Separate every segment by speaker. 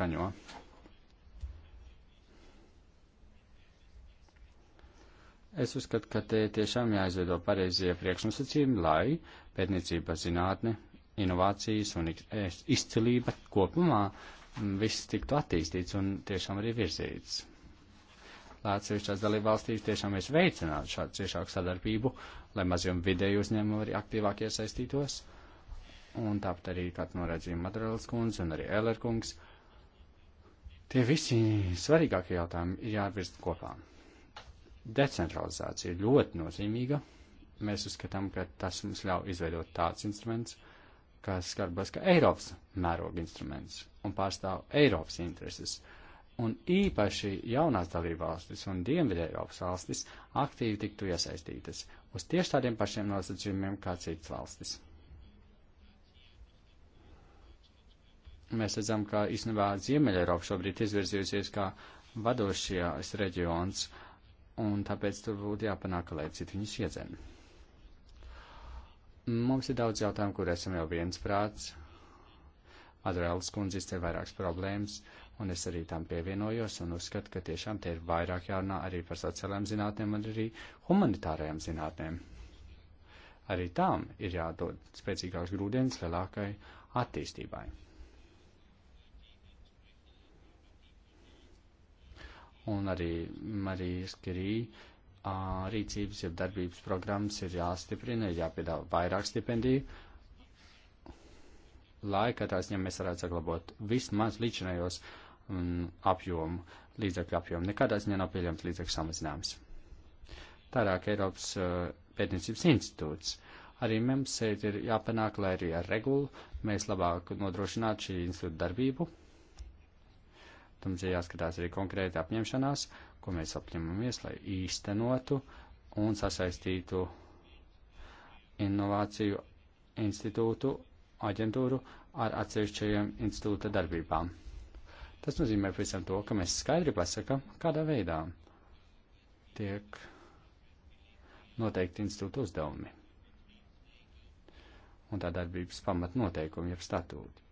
Speaker 1: skaņo. Es uzskatu, ka te tiešām jāizveido pareizie priekšnosacījumi, lai pētniecība, zinātne, inovācijas un izcilība kopumā mm, viss tiktu attīstīts un tiešām arī virzīts. Lācījušās dalībvalstīs tiešām mēs veicinātu šādu ciešāku sadarbību, lai mazie un vidēji uzņēmumi arī aktīvāk iesaistītos. Un tāpat arī, kā norādīja Madrals kundze un arī Eller kungs, uh, Tie visi svarīgākie jautājumi ir jāvirst kopā. Decentralizācija ir ļoti nozīmīga. Mēs uzskatām, ka tas mums ļauj izveidot tāds instruments, kas skarbas kā Eiropas mēroga instruments un pārstāv Eiropas intereses. Un īpaši jaunās dalībvalstis un Dienvidē Eiropas valstis aktīvi tiktu iesaistītas uz tieši tādiem pašiem nosacījumiem kā citas valstis. mēs redzam, ka īstenībā Ziemeļa Eiropa šobrīd izvirzījusies kā vadošajās reģions, un tāpēc tur būtu jāpanāk, lai citi viņus iedzem. Mums ir daudz jautājumu, kur esam jau viensprāts. Adrēlas kundze izcēla vairākas problēmas, un es arī tam pievienojos un uzskatu, ka tiešām tie ir vairāk jārunā arī par sociālajām zinātnēm un arī humanitārajām zinātnēm. Arī tām ir jādod spēcīgāks grūdienis lielākai attīstībai. un arī Marijas Kirī rīcības, jeb darbības programmas ir jāstiprina, ir jāpiedāvā vairāk stipendiju, lai katrā ziņā mēs varētu saglabot vismaz līdzinējos um, apjomu, līdzekļu apjomu. Nekādā ziņā nav pieļams līdzekļu samazinājums. Tālāk Eiropas pētniecības institūts. Arī mums šeit ir jāpanāk, lai arī ar regulu mēs labāk nodrošinātu šī institūta darbību Mums ir jāskatās arī konkrēti apņemšanās, ko mēs apņemamies, lai īstenotu un sasaistītu inovāciju institūtu, aģentūru ar atsevišķajiem institūta darbībām. Tas nozīmē visam to, ka mēs skaidri pasakam, kādā veidā tiek noteikti institūta uzdevumi un tā darbības pamatnoteikumi, jeb statūti.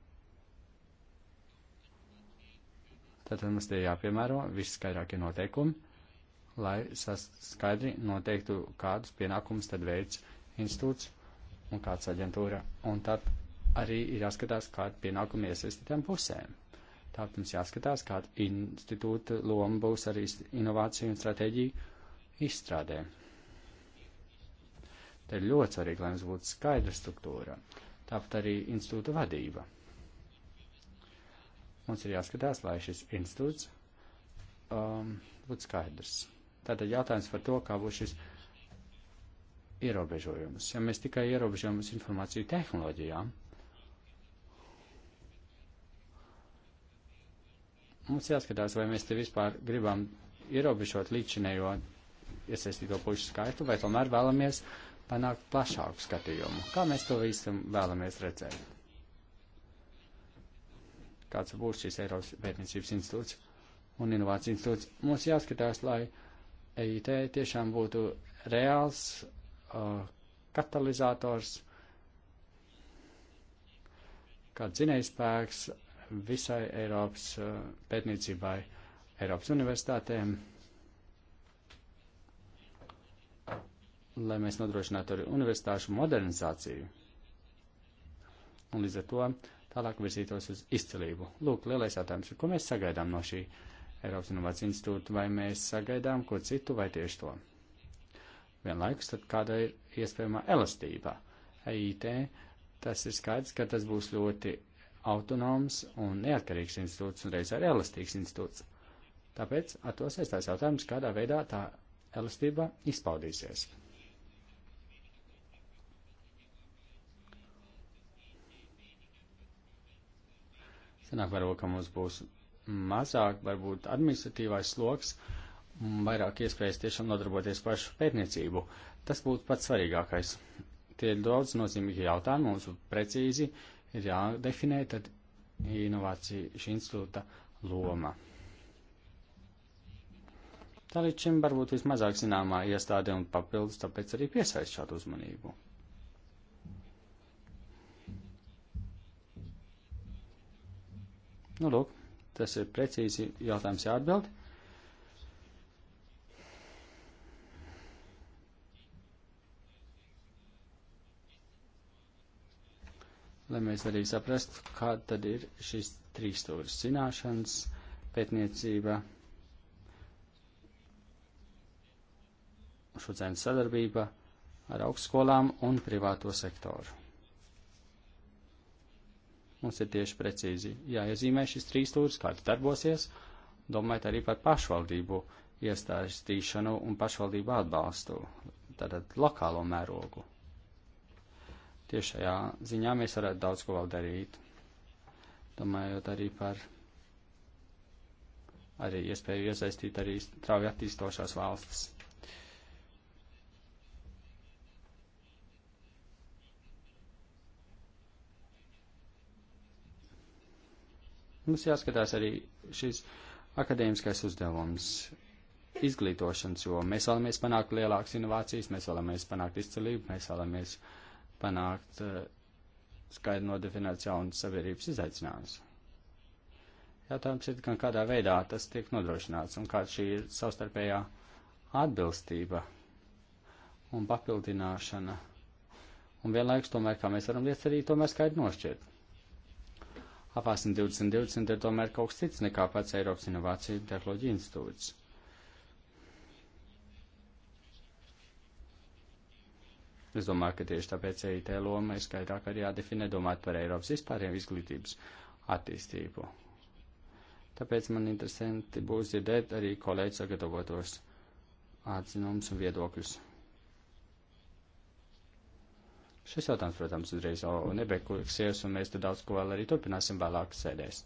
Speaker 1: Tātad mums tie jāpiemēro visskaidrākie noteikumi, lai skaidri noteiktu, kādus pienākumus tad veids institūts un kāds aģentūra. Un tad arī ir jāskatās, kāda pienākuma iesaistītām pusēm. Tāpēc mums jāskatās, kāda institūta loma būs arī inovāciju un stratēģiju izstrādē. Te ir ļoti svarīgi, lai mums būtu skaidra struktūra, tāpat arī institūta vadība. Mums ir jāskatās, lai šis institūts um, būtu skaidrs. Tātad jautājums par to, kā būs šis ierobežojums. Ja mēs tikai ierobežojamies informāciju tehnoloģijām, mums jāskatās, vai mēs te vispār gribam ierobežot līdzinējo iesaistīto pušu skaitu, vai tomēr vēlamies panākt plašāku skatījumu. Kā mēs to visu vēlamies redzēt? kāds būs šis Eiropas pētniecības institūts un inovācijas institūts. Mums jāskatās, lai EIT tiešām būtu reāls uh, katalizators, kā dzinējspēks visai Eiropas uh, pētniecībai, Eiropas universitātēm, lai mēs nodrošinātu arī universitāšu modernizāciju. Un līdz ar to tālāk virzītos uz izcilību. Lūk, lielais jautājums ir, ko mēs sagaidām no šī Eiropas Innovācijas institūta, vai mēs sagaidām ko citu vai tieši to. Vienlaikus tad kāda ir iespējama elastība. EIT, tas ir skaidrs, ka tas būs ļoti autonoms un neatkarīgs institūts un reiz arī elastīgs institūts. Tāpēc ar to saistās jautājums, kādā veidā tā elastība izpaudīsies. Sanāk varbūt, ka mums būs mazāk, varbūt administratīvais sloks, vairāk iespējas tiešām nodarboties pašu pētniecību. Tas būtu pats svarīgākais. Tie ir daudz nozīmīgi jautājumi, mums precīzi ir jādefinē tad inovācija šī institūta loma. Tā līdz šim varbūt vismazāk zināmā iestāde un papildus, tāpēc arī piesaist šādu uzmanību. Nu, lūk, tas ir precīzi jautājums jāatbild. Lai mēs arī saprastu, kāda tad ir šis trīs stūris - zināšanas, pētniecība, šodienas sadarbība ar augstskolām un privāto sektoru. Mums ir tieši precīzi jāiezīmē šis trīs stūris, kā tas darbosies, domājot arī par pašvaldību iestāstīšanu un pašvaldību atbalstu, tātad lokālo mērogu. Tieši šajā ziņā mēs varētu daudz ko vēl darīt, domājot arī par arī iespēju iesaistīt arī strauji attīstošās valstis. Mums jāskatās arī šis akadēmiskais uzdevums izglītošanas, jo mēs vēlamies panākt lielākas inovācijas, mēs vēlamies panākt izcelību, mēs vēlamies panākt uh, skaidri nodefinēts jaunas sabiedrības izaicinājums. Jautājums ir, gan kādā veidā tas tiek nodrošināts un kāda šī ir savstarpējā atbilstība un papildināšana. Un vienlaikus tomēr, kā mēs varam lietas arī tomēr skaidri nošķirt apāsim 2020 ir tomēr kaut kas cits nekā pats Eiropas Inovāciju tehnoloģiju institūts. Es domāju, ka tieši tāpēc EIT loma ir skaidrāk arī jādefinē domāt par Eiropas vispāriem izglītības attīstību. Tāpēc man interesanti būs dzirdēt arī kolēģi sagatavotos atzinums un viedokļus. Šis jautājums, protams, uzreiz jau nebeigsies, un mēs te daudz ko vēl arī turpināsim vēlāk sēdēs.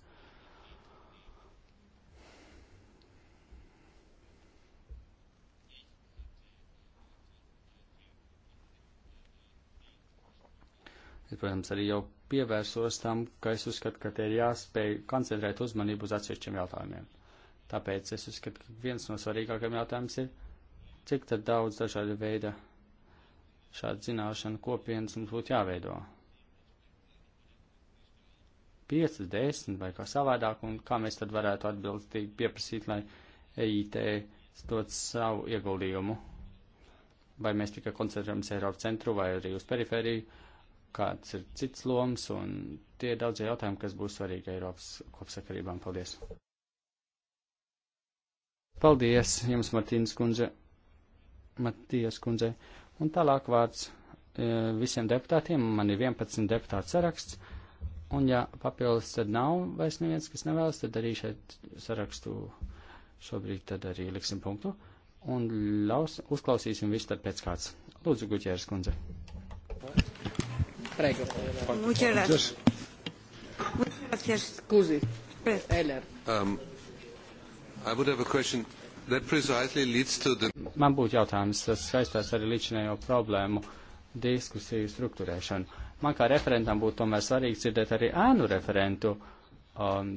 Speaker 1: Es, protams, arī jau pievērsos tam, ka es uzskatu, ka te ir jāspēj koncentrēt uzmanību uz atsevišķiem jautājumiem. Tāpēc es uzskatu, ka viens no svarīgākajiem jautājumiem ir, cik tad daudz dažāda veida šāda zināšana kopienas mums būtu jāveido. 5, 10 vai kā savādāk, un kā mēs tad varētu atbilstīgi pieprasīt, lai EIT dot savu ieguldījumu. Vai mēs tikai koncentrējamies Eiropas centru vai arī uz periferiju, kāds ir cits loms, un tie ir daudzie jautājumi, kas būs svarīgi Eiropas kopsakarībām. Paldies! Paldies jums, Martīnas kundze! Matijas kundze. Un tālāk vārds e, visiem deputātiem, man ir 11 deputātu saraksts, un ja papildus tad nav vairs neviens, kas nevēlas, tad arī šeit sarakstu šobrīd tad arī liksim punktu, un ļaus, uzklausīsim visu tad pēc kāds. Lūdzu, Guķēras kundze.
Speaker 2: Prego.
Speaker 3: Muchas
Speaker 2: gracias. Scusi. Preller.
Speaker 3: Um, I would have a question. The... Man būtu
Speaker 1: jautājums, tas saistās arī līdzinējo problēmu diskusiju struktūrēšanu. Man kā referentam būtu tomēr svarīgi dzirdēt arī ēnu referentu um,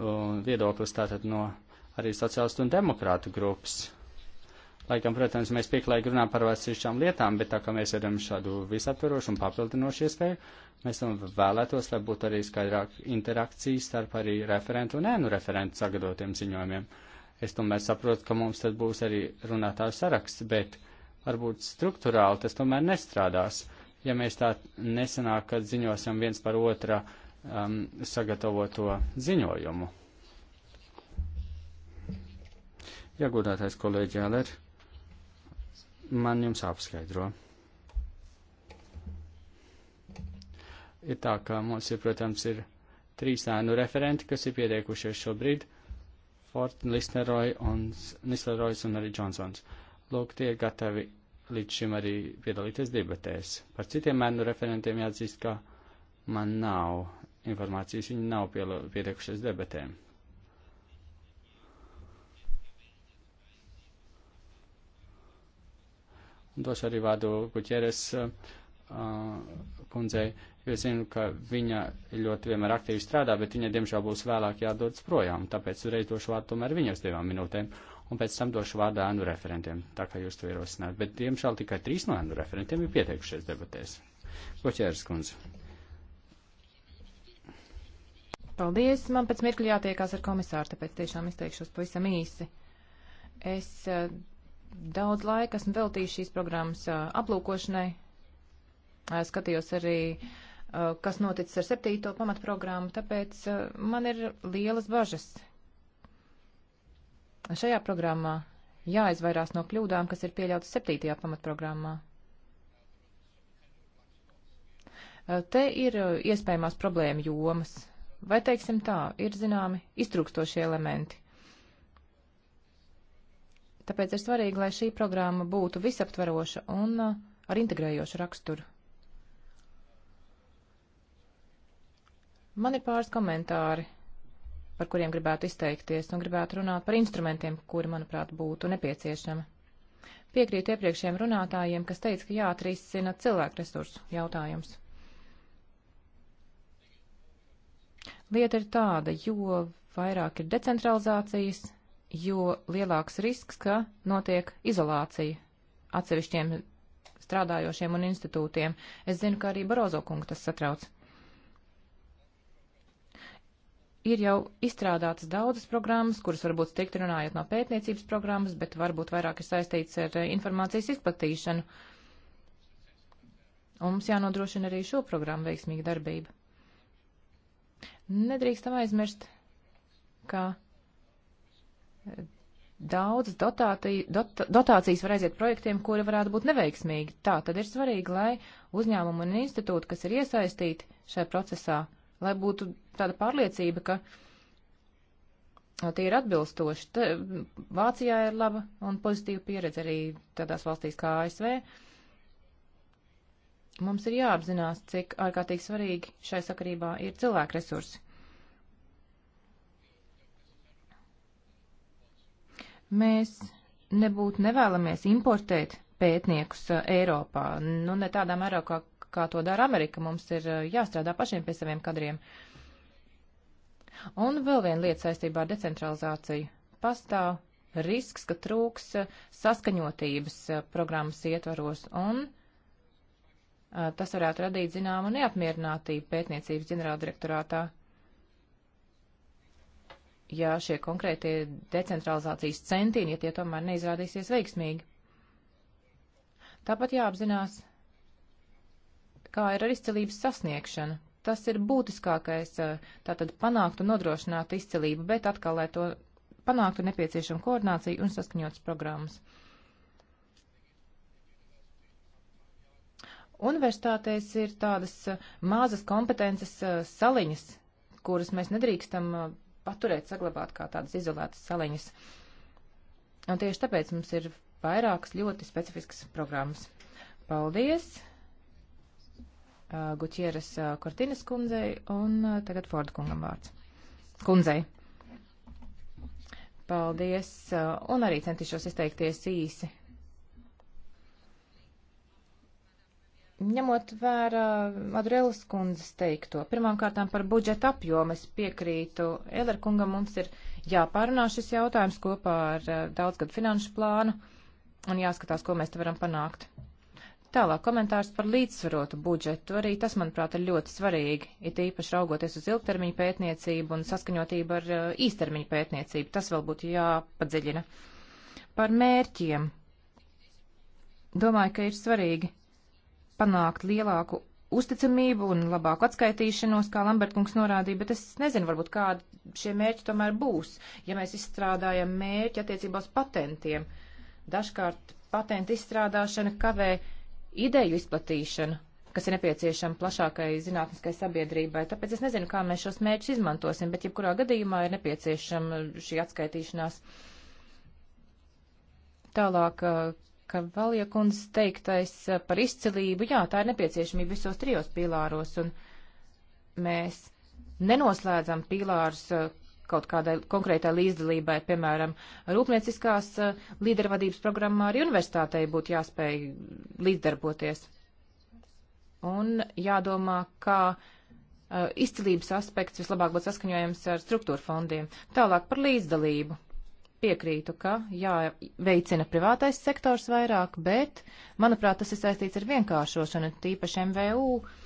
Speaker 1: um, viedoklis tātad no arī sociālistu un demokrātu grupas. Lai gan, protams, mēs pieklājīgi runājam par atsevišķām lietām, bet tā kā mēs redzam šādu visaptverošu un papildinošu iespēju, mēs vēlētos, lai būtu arī skaidrāk interakcijas starp arī referentu un ēnu referentu sagatavotiem ziņojumiem. Uh, Es tomēr saprotu, ka mums tad būs arī runātāju saraksts, bet varbūt struktūrāli tas tomēr nestrādās, ja mēs tā nesanāk, ka ziņosim viens par otra um, sagatavoto ziņojumu. Ja godātais kolēģi Jāler, man jums apskaidro. Ir tā, ka mums ir, protams, ir trīs ēnu referenti, kas ir pieteikušies šobrīd Fort, Nisleroy un, Nisleroys un arī Johnsons. Lūk, tie ir gatavi līdz šim arī piedalīties debatēs. Par citiem mēnu referentiem jāatzīst, ka man nav informācijas, viņi nav pietiekušies debatēm. Un došu arī vārdu Guķeres uh, kundzei. Uh, jo es zinu, ka viņa ļoti vienmēr aktīvi strādā, bet viņa, diemžēl, būs vēlāk jādodas projām, tāpēc uzreiz došu vārdu tomēr viņas divām minūtēm, un pēc tam došu vārdu ēnu referentiem, tā kā jūs to ierosināt. Bet, diemžēl, tikai trīs no ēnu referentiem ir pieteikušies debatēs. Koķērs kundze.
Speaker 2: Paldies, man pēc mirkļa jātiekās ar komisāru, tāpēc tiešām izteikšos pavisam īsi. Es uh, daudz laika esmu veltījis šīs programmas uh, aplūkošanai. Uh, skatījos arī uh, Uh, kas noticis ar septīto pamatprogrammu, tāpēc uh, man ir lielas bažas. Šajā programmā jāizvairās no kļūdām, kas ir pieļautas septītajā pamatprogrammā. Uh, te ir iespējamās problēma jomas, vai teiksim tā, ir zināmi iztrūkstošie elementi. Tāpēc ir svarīgi, lai šī programma būtu visaptveroša un ar integrējošu raksturu. Man ir pāris komentāri, par kuriem gribētu izteikties, un gribētu runāt par instrumentiem, kuri, manuprāt, būtu nepieciešami. Piekrītu iepriekšējiem runātājiem, kas teica, ka jāatrisina cilvēku resursu jautājums. Lieta ir tāda, jo vairāk ir decentralizācijas, jo lielāks risks, ka notiek izolācija atsevišķiem strādājošiem un institūtiem. Es zinu, ka arī Barozo kungu tas satrauc. ir jau izstrādātas daudzas programmas, kuras varbūt stikti runājot no pētniecības programmas, bet varbūt vairāk ir saistīts ar eh, informācijas izplatīšanu. Un mums jānodrošina arī šo programmu veiksmīga darbība. Nedrīkstam aizmirst, ka eh, daudzas dotāti, dot, dotācijas var aiziet projektiem, kuri varētu būt neveiksmīgi. Tā tad ir svarīgi, lai uzņēmumu un institūtu, kas ir iesaistīti šajā procesā, lai būtu tāda pārliecība, ka tie ir atbilstoši. Te, Vācijā ir laba un pozitīva pieredze arī tādās valstīs kā ASV. Mums ir jāapzinās, cik ārkārtīgi svarīgi šai sakarībā ir cilvēku resursi. Mēs nebūtu nevēlamies importēt pētniekus Eiropā, nu ne tādā mērā, kā kā to dara Amerika. Mums ir eh, jāstrādā pašiem pie saviem kadriem. Un vēl viena lieta saistībā ar decentralizāciju. Pastāv risks, ka trūks eh, saskaņotības eh, programmas ietvaros, un tas varētu radīt zināmu neapmierinātību pētniecības ģenerāldirektorātā. Ja šie konkrētie decentralizācijas centieni, ja tie tomēr neizrādīsies veiksmīgi. Tāpat jāapzinās, kā ir ar izcelības sasniegšanu. Tas ir būtiskākais, tātad panākt un nodrošināt izcelību, bet atkal, lai to panāktu, nepieciešama koordinācija un saskaņotas programmas. Universitātēs ir tādas mazas kompetences saliņas, kuras mēs nedrīkstam paturēt, saglabāt kā tādas izolētas saliņas. Un tieši tāpēc mums ir vairākas ļoti specifiskas programmas. Paldies! Uh, Gutieres Kortinas uh, kundzei un uh, tagad Forda kungam vārds. Kundzei. Paldies, un arī centīšos izteikties īsi. Ņemot vērā Madurēlas kundzes teikto, pirmām kārtām par budžeta apjomu es piekrītu Elerkungam, mums ir jāpārunā šis jautājums kopā ar daudzgadu finanšu plānu un jāskatās, ko mēs te varam panākt. Tālāk komentārs par līdzsvarotu budžetu. Arī tas, manuprāt, ir ļoti svarīgi, it īpaši raugoties uz ilgtermiņu pētniecību un saskaņotību ar eh, īstermiņu pētniecību. Tas vēl būtu jāpadziļina. Par mērķiem. Domāju, ka ir svarīgi panākt lielāku uzticamību un labāku atskaitīšanos, kā Lambertkungs norādīja, bet es nezinu, varbūt kādi šie mērķi tomēr būs, ja mēs izstrādājam mērķi attiecībā uz patentiem. Dažkārt patentu izstrādāšana kavē uh, ideju izplatīšanu, kas ir nepieciešama plašākai zinātniskai sabiedrībai. Tāpēc es nezinu, kā mēs šos mērķus izmantosim, bet jebkurā gadījumā ir nepieciešama šī atskaitīšanās. Tālāk, eh, ka Valiekunds teiktais eh, par izcilību, jā, tā ir nepieciešamība visos trijos pīlāros, un mēs nenoslēdzam pīlārus eh, kaut kādai konkrētai līdzdalībai, piemēram, rūpnieciskās eh, līdervadības programmā arī universitātei būtu jāspēj līdzdarboties. Un jādomā, kā eh, izcilības aspekts vislabāk būtu saskaņojams ar struktūra fondiem. Tālāk par līdzdalību. Piekrītu, ka jāveicina privātais sektors vairāk, bet, manuprāt, tas ir saistīts ar vienkāršošanu, tīpaši MVU. Uh,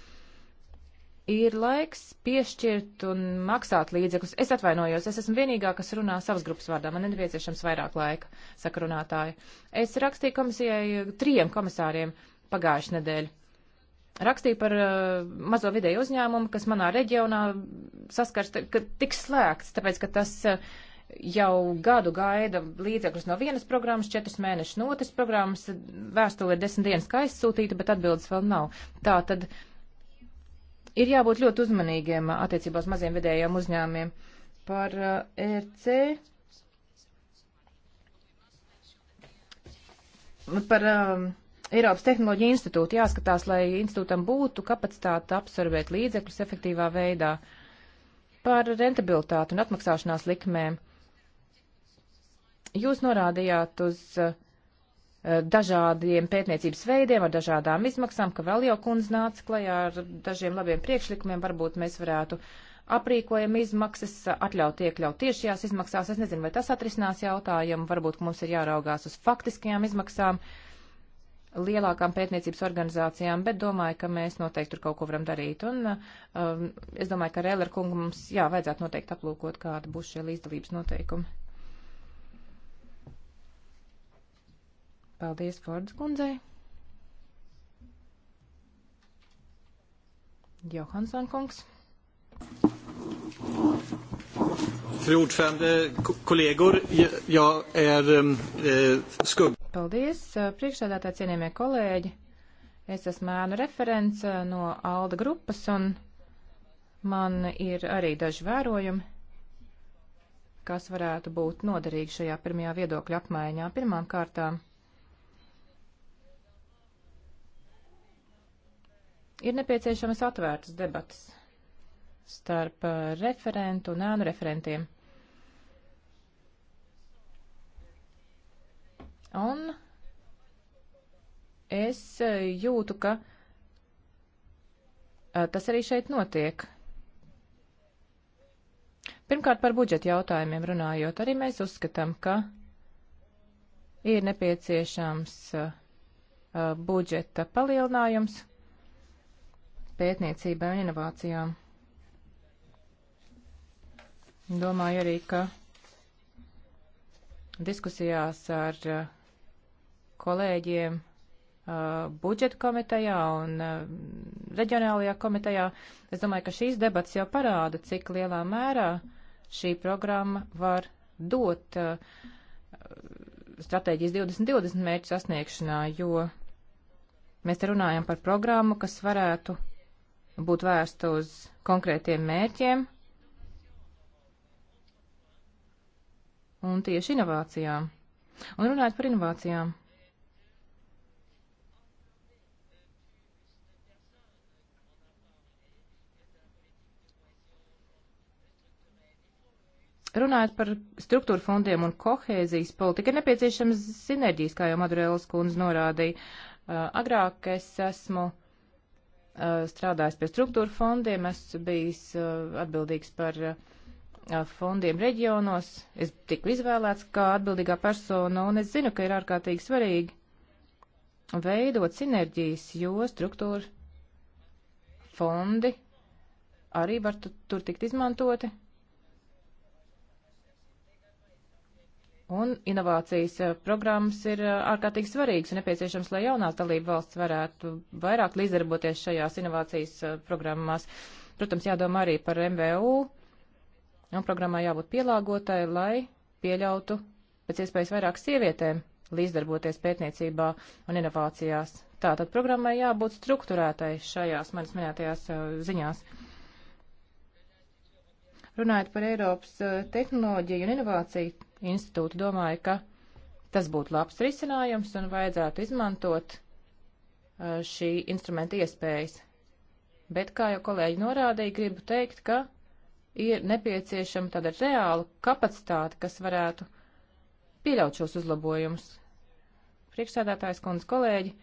Speaker 2: ir laiks piešķirt un maksāt līdzekļus. Es atvainojos, es esmu vienīgā, kas runā savas grupas vārdā. Man ir nepieciešams vairāk laika, saka runātāja. Es rakstīju komisijai eh, trijiem komisāriem pagājušajā nedēļā. Rakstīju par uh, mazo vidēju uzņēmumu, kas manā reģionā saskars, ka tiks slēgts, tāpēc, ka tas uh, jau gadu gaida līdzekļus no vienas programmas, četras mēnešus no otras programmas, vēstule ir desmit dienas, kā aizsūtīta, bet atbildes vēl nav. Tā tad uh, Ir jābūt ļoti uzmanīgiem attiecībā uz maziem vidējiem uzņēmumiem. Par ERC. Eh, e par um, Eiropas Tehnoloģija institūta jāskatās, lai institūtam būtu kapacitāte absorbēt līdzekļus efektīvā veidā par rentabilitāti un atmaksāšanās likmēm. Jūs norādījāt uz uh, Eh, dažādiem pētniecības veidiem, ar dažādām izmaksām, ka vēl jau kundze nāca klajā ar dažiem labiem priekšlikumiem, varbūt mēs varētu aprīkojam izmaksas, atļaut iekļaut tiešajās izmaksās. Es nezinu, vai tas atrisinās jautājumu, varbūt mums ir jāraugās uz faktiskajām izmaksām lielākām pētniecības organizācijām, bet domāju, ka mēs noteikti tur kaut ko varam darīt. Un um, es domāju, ka Rēler kungu mums, jā, vajadzētu noteikti aplūkot, kāda būs šie līdzdalības noteikumi. Paldies Fordas kundzei. Johansson kungs.
Speaker 3: Fru ordförande, kollegor, jag är ehm, eh, skugg...
Speaker 2: Paldies, eh, priekšsēdētāji, cienījamie kolēģi. Es esmu ēnu referents eh, no ALDA grupas un man ir arī daži vērojumi, kas varētu būt noderīgi šajā pirmajā viedokļa apmaiņā. Pirmām kārtām Ir nepieciešamas atvērtas debatas starp uh, referentu un ēnu referentiem. Un es uh, jūtu, ka uh, tas arī šeit notiek. Pirmkārt, par budžeta jautājumiem runājot, arī mēs uzskatām, ka ir nepieciešams budžeta palielinājums pētniecībai un inovācijām. Domāju arī, ka diskusijās ar uh, kolēģiem uh, budžeta komitejā un uh, reģionālajā komitejā. Es domāju, ka šīs debats jau parāda, cik lielā mērā šī programma var dot stratēģijas 2020 mērķu sasniegšanā, jo mēs te runājam par programmu, kas varētu būtu vērsta uz konkrētiem mērķiem un tieši inovācijām. Un runājot par inovācijām. Runājot par struktūra fondiem un kohēzijas politiku, ir nepieciešams sinerģijas, kā jau Madurēlas kundze norādīja. Uh, agrāk es esmu uh, Eh, strādājis pie struktūra fondiem, esmu bijis eh, atbildīgs par eh, fondiem reģionos. Es tiku izvēlēts kā atbildīgā persona, un es zinu, ka ir ārkārtīgi svarīgi veidot sinerģijas, jo struktūra fondi arī var tur tikt izmantoti Un inovācijas eh, programmas ir eh, ārkārtīgi svarīgas un nepieciešams, lai jaunās dalība valsts varētu vairāk līdzdarboties šajās inovācijas eh, programmās. Protams, jādomā arī par MVU, un programmā jābūt pielāgotai, lai pieļautu pēc iespējas vairāk sievietēm līdzdarboties pētniecībā un inovācijās. Tātad programmai jābūt strukturētai šajās manis minētajās ziņās. Runājot par Eiropas tehnoloģiju un inovāciju institūti domāja, ka tas būtu labs risinājums un vajadzētu izmantot uh, šī instrumenta iespējas. Bet, kā jau kolēģi norādīja, gribu teikt, ka ir nepieciešama tāda reāla kapacitāte, kas varētu pieļaut šos uzlabojumus. Priekšsēdētājs kundze kolēģi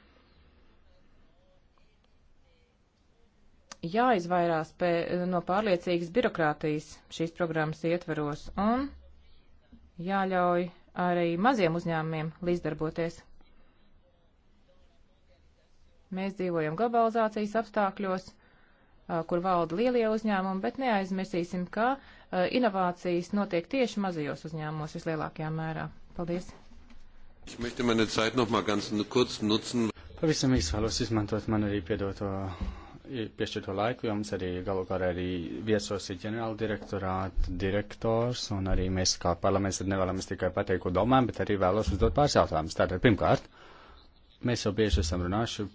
Speaker 2: jāizvairās pē, no pārliecīgas birokrātijas šīs programmas ietveros un jāļauj arī maziem uzņēmumiem līdzdarboties. Mēs dzīvojam globalizācijas apstākļos, kur valda lielie uzņēmumi, bet neaizmirsīsim, ka inovācijas notiek tieši mazajos uzņēmumos vislielākajā mērā. Paldies!
Speaker 1: Pavisam īsi vēlos izmantot man arī piedoto piešķirto laiku, jo mums arī galu galā arī viesos ir ģenerāla direktorāta direktors, un arī mēs kā parlaments tad nevēlamies tikai pateikt, ko domājam, bet arī vēlos uzdot pāris jautājumus. Tātad, pirmkārt, mēs jau bieži esam runājuši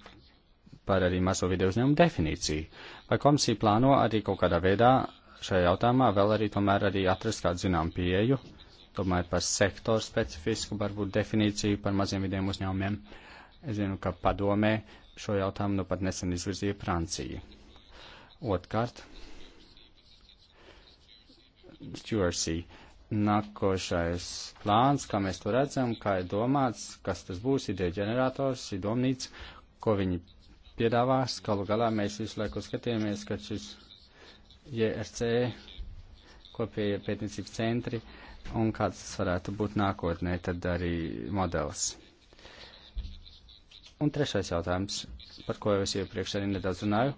Speaker 1: par arī mazo video uzņēmumu definīciju. Vai komisija plāno arī kaut kādā veidā šajā jautājumā vēl arī tomēr arī atrast kādu zinām pieeju, tomēr par sektoru specifisku varbūt definīciju par maziem vidiem uzņēmumiem? Es zinu, ka padomē šo jautājumu nu pat nesen izvirzīja Francija. Otkārt, Stewardship. Nākošais plāns, kā mēs to redzam, kā ir domāts, kas tas būs, ideja ģenerators, ir domnīca, ko viņi piedāvās. Galu galā mēs visu laiku skatījāmies, ka šis JRC kopējie pētniecības centri un kāds tas varētu būt nākotnē, tad arī modelis. Un trešais jautājums, par ko jau es iepriekš arī nedaudz runāju.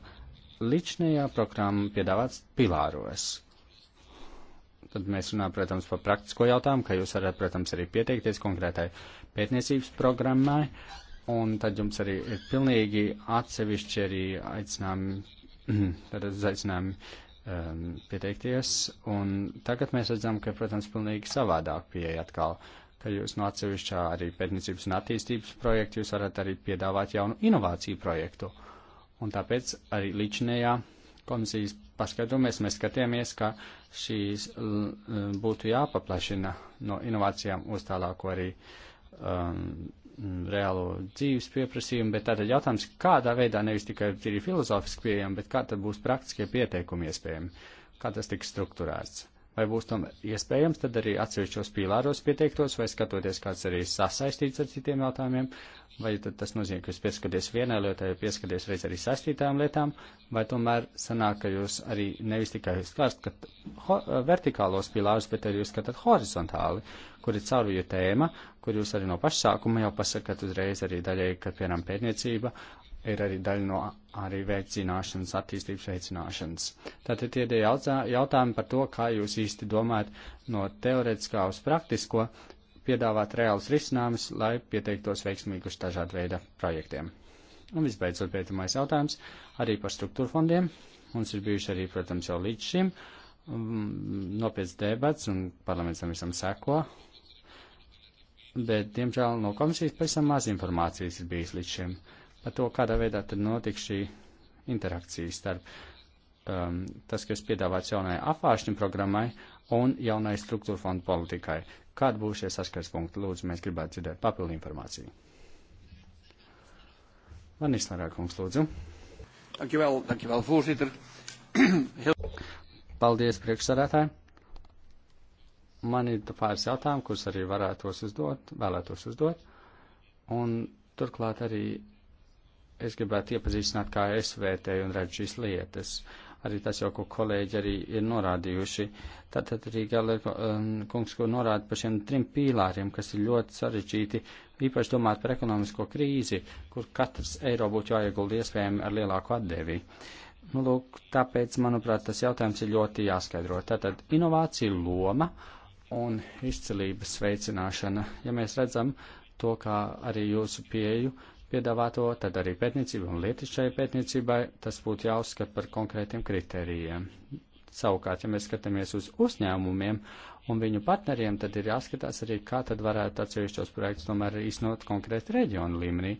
Speaker 1: Līdšanajā programma piedāvāts pilāros. Tad mēs runājam, protams, par praktisko jautājumu, ka jūs varat, protams, arī pieteikties konkrētai pētniecības programmai, un tad jums arī ir pilnīgi atsevišķi arī aicinājumi, tad uzaicinājumi um, pieteikties, un tagad mēs redzam, ka, protams, pilnīgi savādāk pieeja atkal. Uh, ka jūs no atsevišķā arī pētniecības un attīstības projekta jūs varat arī piedāvāt jaunu inovāciju projektu. Un tāpēc arī līdšanējā komisijas paskatāmies, mēs skatījāmies, ka šīs būtu jāpaplašina no inovācijām uz tālāko arī um, reālo dzīves pieprasījumu, bet tātad jautājums, kādā veidā nevis tikai ir filozofiski pieejami, bet kā tad būs praktiskie pieteikumi iespējami, kā tas tiks strukturēts vai būs tam iespējams, tad arī atsevišķos pīlāros pieteiktos, vai skatoties, kāds arī sasaistīts ar citiem jautājumiem, vai tad tas nozīmē, ka jūs pieskaties vienai lietai, pieskaties reiz arī saistītām lietām, vai tomēr sanāk, ka jūs arī nevis tikai skatat vertikālos pīlārus, bet arī jūs skatāt horizontāli, kur ir caurvju tēma, kur jūs arī no pašsākuma jau pasakat uzreiz arī daļai, ka, piemēram, pētniecība ir arī daļa no arī veicināšanas, attīstības veicināšanas. Tātad tie ir jautājumi par to, kā jūs īsti domājat no teoretiskā uz praktisko, piedāvāt reālus risinājumus, lai pieteiktos veiksmīgi uz dažādu veidu projektiem. Un visbeidzot, pētamais jautājums arī par struktūra fondiem. Mums ir bijuši arī, protams, jau līdz šim mm, nopietns debats, un parlaments tam visam seko, bet, diemžēl, no komisijas pavisam maz informācijas ir bijis līdz šim par to, kādā veidā tad notiks šī interakcija starp um, tas, kas piedāvāts jaunai apvāršņu programmai un jaunai struktūra fondu politikai. Kāda būs šie saskars punkti? Lūdzu, mēs gribētu dzirdēt papildu informāciju. Van Islarā, kungs, lūdzu. Dankjewel, dankjewel, voorzitter. Paldies, priekšsarētāji man ir pāris jautājumu, kurus arī varētos uzdot, vēlētos uzdot. Un turklāt arī es gribētu iepazīstināt, kā es vērtēju un redzu šīs lietas. Arī tas jau, ko kolēģi arī ir norādījuši. Tātad arī Galer um, kungs, ko norāda par šiem trim pīlāriem, kas ir ļoti sarežģīti, īpaši domāt par ekonomisko krīzi, kur katrs eiro būtu jāiegulda iespējami ar lielāku atdevi. Nu, lūk, tāpēc, manuprāt, tas jautājums ir ļoti jāskaidro. Tātad inovācija loma un izcelības veicināšana. Ja mēs redzam to, kā arī jūsu pieeju piedāvāto, tad arī pētniecībai un lietišķai pētniecībai tas būtu jāuzskata par konkrētiem kritērijiem. Savukārt, ja mēs skatāmies uz uzņēmumiem un viņu partneriem tad ir jāskatās arī, kā tad varētu atsevišķos projektus tomēr iznot konkrēti reģionu līmenī,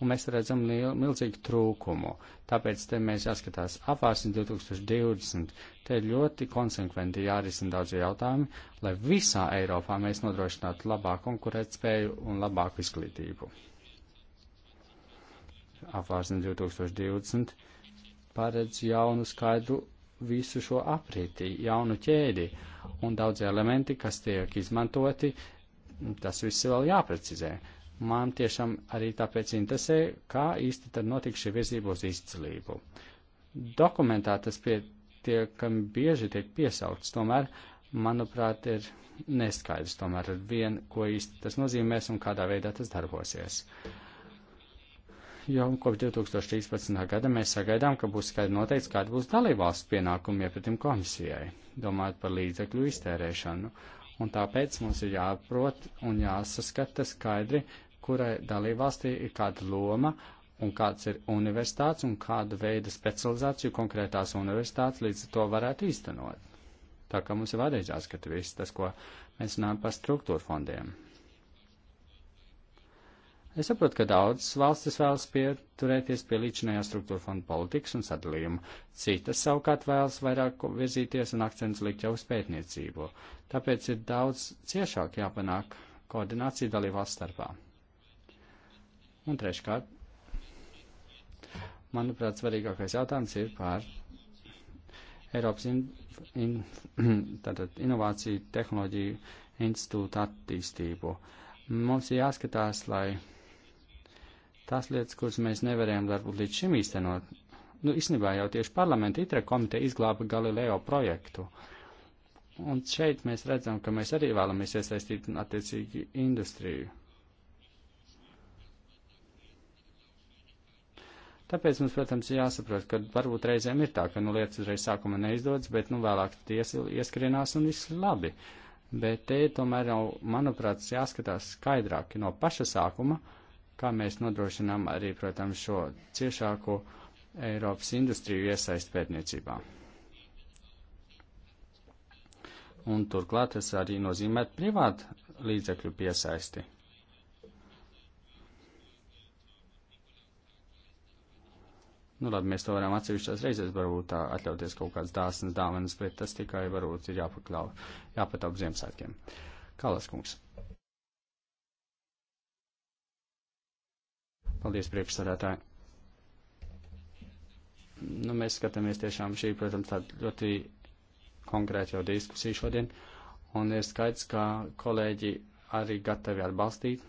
Speaker 1: un mēs redzam liel, milzīgu trūkumu. Tāpēc te mēs jāskatās apvārsni 2020. Te ir ļoti konsekventi jārisina daudzi jautājumi, lai visā Eiropā mēs nodrošinātu labāku konkurētspēju un labāku izglītību. Apvārsni 2020 paredz jaunu skaidru visu šo aprīti, jaunu ķēdi un daudz elementi, kas tiek izmantoti, tas viss vēl jāprecizē. Man tiešām arī tāpēc interesē, kā īsti tad notika šī virzība uz izcilību. Dokumentā tas pietiekami bieži tiek piesaukts, tomēr, manuprāt, ir neskaidrs tomēr ar vienu, ko īsti tas nozīmēs un kādā veidā tas darbosies. Uh, jau kopš 2013. gada mēs sagaidām, ka būs skaidri noteikts, kāda būs dalībvalsts pienākuma iepratim komisijai, domājot par līdzekļu iztērēšanu. Un tāpēc mums ir jāprot un jāsaskata skaidri, kurai dalībvalstī ir kāda loma un kāds ir universitāts un kāda veida specializāciju konkrētās universitātes līdz to varētu īstenot. Tā kā mums ir vajadzēs jāskata viss tas, ko mēs runājam par struktūra fondiem. Es saprotu, ka daudzas valstis vēlas pieturēties pie līdzinējā struktūra fonda politikas un sadalījuma, citas savukārt vēlas vairāk virzīties un akcents likt jau uz pētniecību, tāpēc ir daudz ciešāk jāpanāk koordinācija dalībās starpā. Un treškārt, manuprāt, svarīgākais jautājums ir par Eiropas in, in, tātad, inovāciju tehnoloģiju institūta attīstību. Mums ir jāskatās, lai tās lietas, kuras mēs nevarējām varbūt līdz šim īstenot. Nu, īstenībā jau tieši parlamenta itra komiteja izglāba Galileo projektu. Un šeit mēs redzam, ka mēs arī vēlamies iesaistīt attiecīgi industriju. Tāpēc mums, protams, ir jāsaprot, ka varbūt reizēm ir tā, ka nu, lietas uzreiz sākuma neizdodas, bet nu, vēlāk tiesa ieskrienās un viss labi. Bet te tomēr jau, manuprāt, jāskatās skaidrāk no paša sākuma, uh, kā mēs nodrošinām arī, protams, šo ciešāko Eiropas industriju iesaist pētniecībā. Un turklāt tas arī nozīmē privātu līdzekļu piesaisti. Nu, labi, mēs to varam atsevišķās reizēs varbūt tā atļauties kaut kādas dāsnas dāvanas, bet tas tikai varbūt ir jāpakļau, jāpataup Ziemassvētkiem. Kalas kungs. Paldies, priekšsādātāji. Nu, mēs skatāmies tiešām šī, protams, tāda ļoti konkrēta jau diskusija šodien, un ir skaidrs, ka kolēģi arī gatavi atbalstīt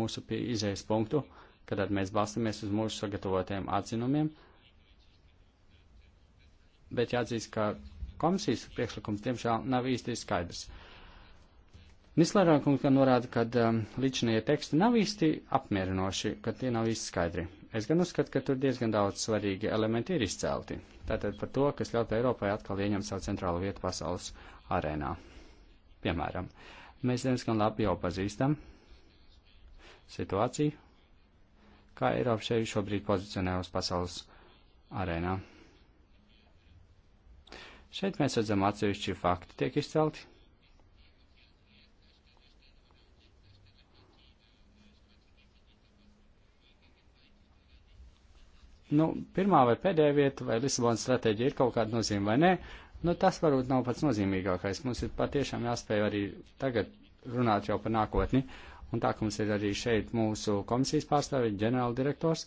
Speaker 1: mūsu izējas punktu, kad mēs balstamies uz mūsu sagatavotiem atzinumiem. Bet jāatzīst, ka komisijas priekšlikums, diemžēl, nav īsti skaidrs. Uh, Nislērā kungs gan norāda, ka um, līdzinie teksti nav īsti apmierinoši, ka tie nav īsti skaidri. Es gan uzskatu, ka tur diezgan daudz svarīgi elementi ir izcelti. Tātad par to, kas ļautu Eiropai atkal ieņemt savu centrālo vietu pasaules arēnā. Piemēram, mēs diezgan labi jau pazīstam situāciju, kā Eiropa šeit šobrīd pozicionē uz pasaules arēnā. Šeit mēs redzam atsevišķi fakti tiek izcelti, nu, pirmā vai pēdējā vieta, vai Lisabonas stratēģija ir kaut kāda nozīme vai nē, nu, tas varbūt nav pats nozīmīgākais. Mums ir patiešām jāspēj arī tagad runāt jau par nākotni, un tā, ka mums ir arī šeit mūsu komisijas pārstāvi, ģenerāldirektors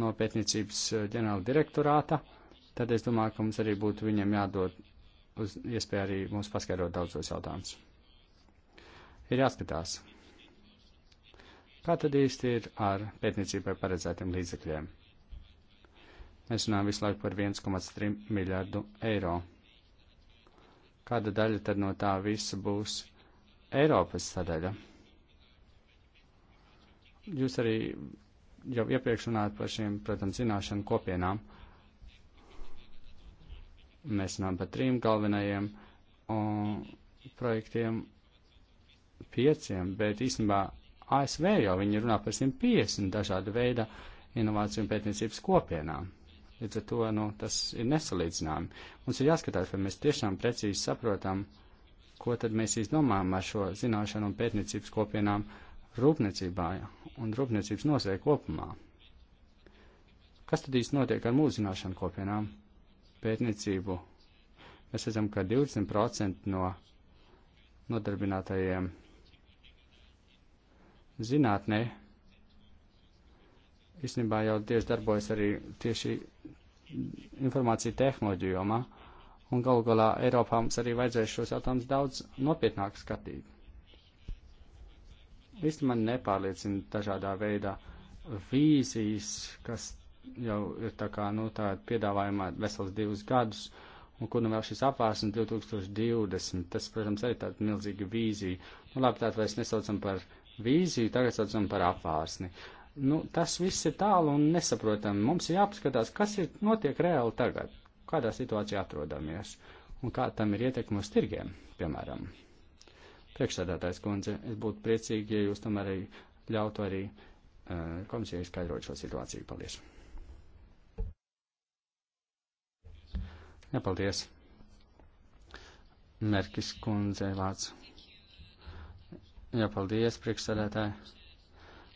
Speaker 1: no pētniecības eh, ģenerāldirektorāta, tad es domāju, ka mums arī būtu viņam jādod uz iespēju arī mums paskaidrot daudzos jautājumus. Ir jāskatās. Kā tad īsti ir ar pētniecībai paredzētiem līdzekļiem? Mēs runājam visu laiku par 1,3 miljardu eiro. Kāda daļa tad no tā visa būs Eiropas sadaļa? Jūs arī jau iepriekš runājat par šīm, protams, zināšanu kopienām. Mēs runājam par trim galvenajiem um, projektiem, pieciem, bet īstenībā ASV jau viņi runā par 150 dažādu veidu inovāciju un pētniecības kopienām. Līdz ar to nu, tas ir nesalīdzināmi. Mums ir jāskatās, vai mēs tiešām precīzi saprotam, ko tad mēs izdomājam ar šo zināšanu un pētniecības kopienām rūpniecībā un rūpniecības nozarē kopumā. Kas tad īsti notiek ar mūsu zināšanu kopienām? Pētniecību. Mēs redzam, ka 20% no nodarbinātajiem zinātnē īstenībā jau tieši darbojas arī tieši informācija tehnoloģiju jomā, un galu galā Eiropā mums arī vajadzēs šos jautājumus daudz nopietnāk skatīt. Īstenībā man nepārliecina dažādā veidā vīzijas, kas jau ir tā kā, nu, tā piedāvājumā vesels divus gadus, un kur nu vēl šis apvērsums 2020, tas, protams, arī tāda milzīga vīzija. Nu, labi, tātad vairs nesaucam par vīziju, tagad saucam par apvārsni. Uh, Nu, tas viss ir tālu un nesaprotam. Mums ir jāpaskatās, kas ir notiek reāli tagad, kādā situācijā atrodamies un kā tam ir ietekme uz tirgiem, piemēram. Priekšsēdētājs kundze, es būtu priecīgi, ja jūs tomēr arī ļautu arī uh, komisijai skaidrot šo situāciju. Paldies! Jā, paldies! Merkis kundze vārds. Jā, paldies, priekšsēdētāji!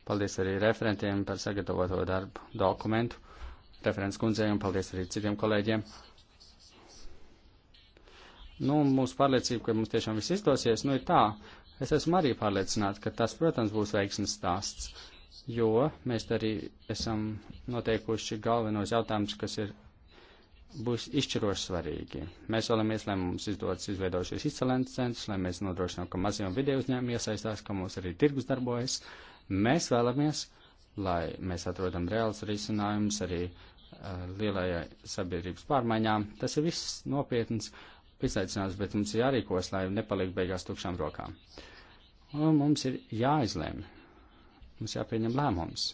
Speaker 1: Paldies arī referentiem par sagatavoto darbu dokumentu, referents kundzei un paldies arī citiem kolēģiem. Nu, mūsu pārliecība, ka mums tiešām viss izdosies, nu ir tā. Es esmu arī pārliecināta, ka tas, protams, būs veiksmes stāsts, jo mēs arī esam noteikuši galvenos jautājumus, kas ir būs izšķiroši svarīgi. Mēs vēlamies, lai mums izdodas izveidošies izcelents centrs, lai mēs nodrošinām, ka mazie un vidēji uzņēmumi iesaistās, ka mums arī tirgus darbojas. Uh, Mēs vēlamies, lai mēs atrodam reāls risinājums arī uh, lielajai sabiedrības pārmaiņām. Tas ir viss nopietns izaicinājums, bet mums ir jārīkos, lai nepaliek beigās tukšām rokām. Un mums ir jāizlēma, mums jāpieņem lēmums.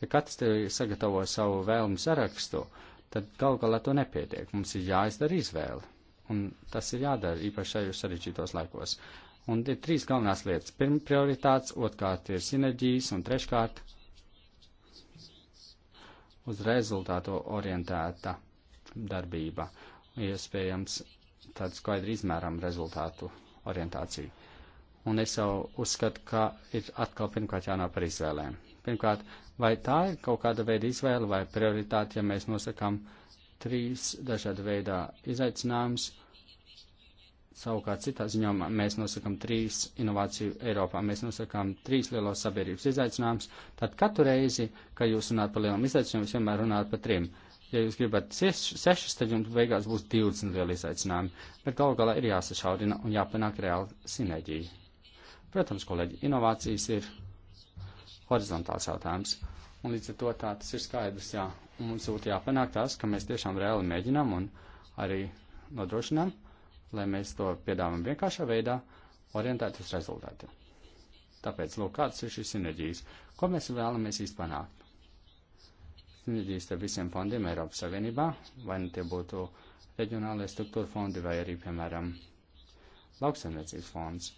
Speaker 1: Ja katrs te sagatavo savu vēlmu sarakstu, tad gal galā to nepietiek. Mums ir jāizdara izvēle. Un tas ir jādara īpaši šajos sarežģītos laikos. Un ir trīs galvenās lietas. Pirma prioritātes, otrkārt ir sinerģijas un treškārt uz rezultātu orientēta darbība. Iespējams, tādu skaidru izmēram rezultātu orientāciju. Un es jau uzskatu, ka ir atkal pirmkārt jānāk par izvēlēm. Pirmkārt, vai tā ir kaut kāda veida izvēle vai prioritāte, ja mēs nosakām trīs dažāda veidā izaicinājumus Savukārt citā ziņā mēs nosakām trīs inovāciju Eiropā. Mēs nosakām trīs lielos sabiedrības izaicinājumus. Tad katru reizi, kad jūs runājat par lieliem izaicinājumiem, jūs vienmēr runājat par trim. Ja jūs gribat sešas, tad jums beigās būs 20 lieli izaicinājumi. Bet galu galā ir jāsašaurina un jāpanāk reāla sinerģija. Protams, kolēģi, inovācijas ir horizontāls jautājums. Un līdz ar to tā tas ir skaidrs, jā. Un mums būtu jāpanāk tas, ka mēs tiešām reāli mēģinām un arī nodrošinām lai mēs to piedāvājam vienkāršā veidā, orientēt uz rezultātu. Tāpēc, lūk, kāds ir šis sinerģijas, ko mēs vēlamies izpanākt. Sinerģijas ar visiem fondiem Eiropas Savienībā, vai nu tie būtu reģionālajie struktūra fondi vai arī, piemēram, lauksaimniecības fonds.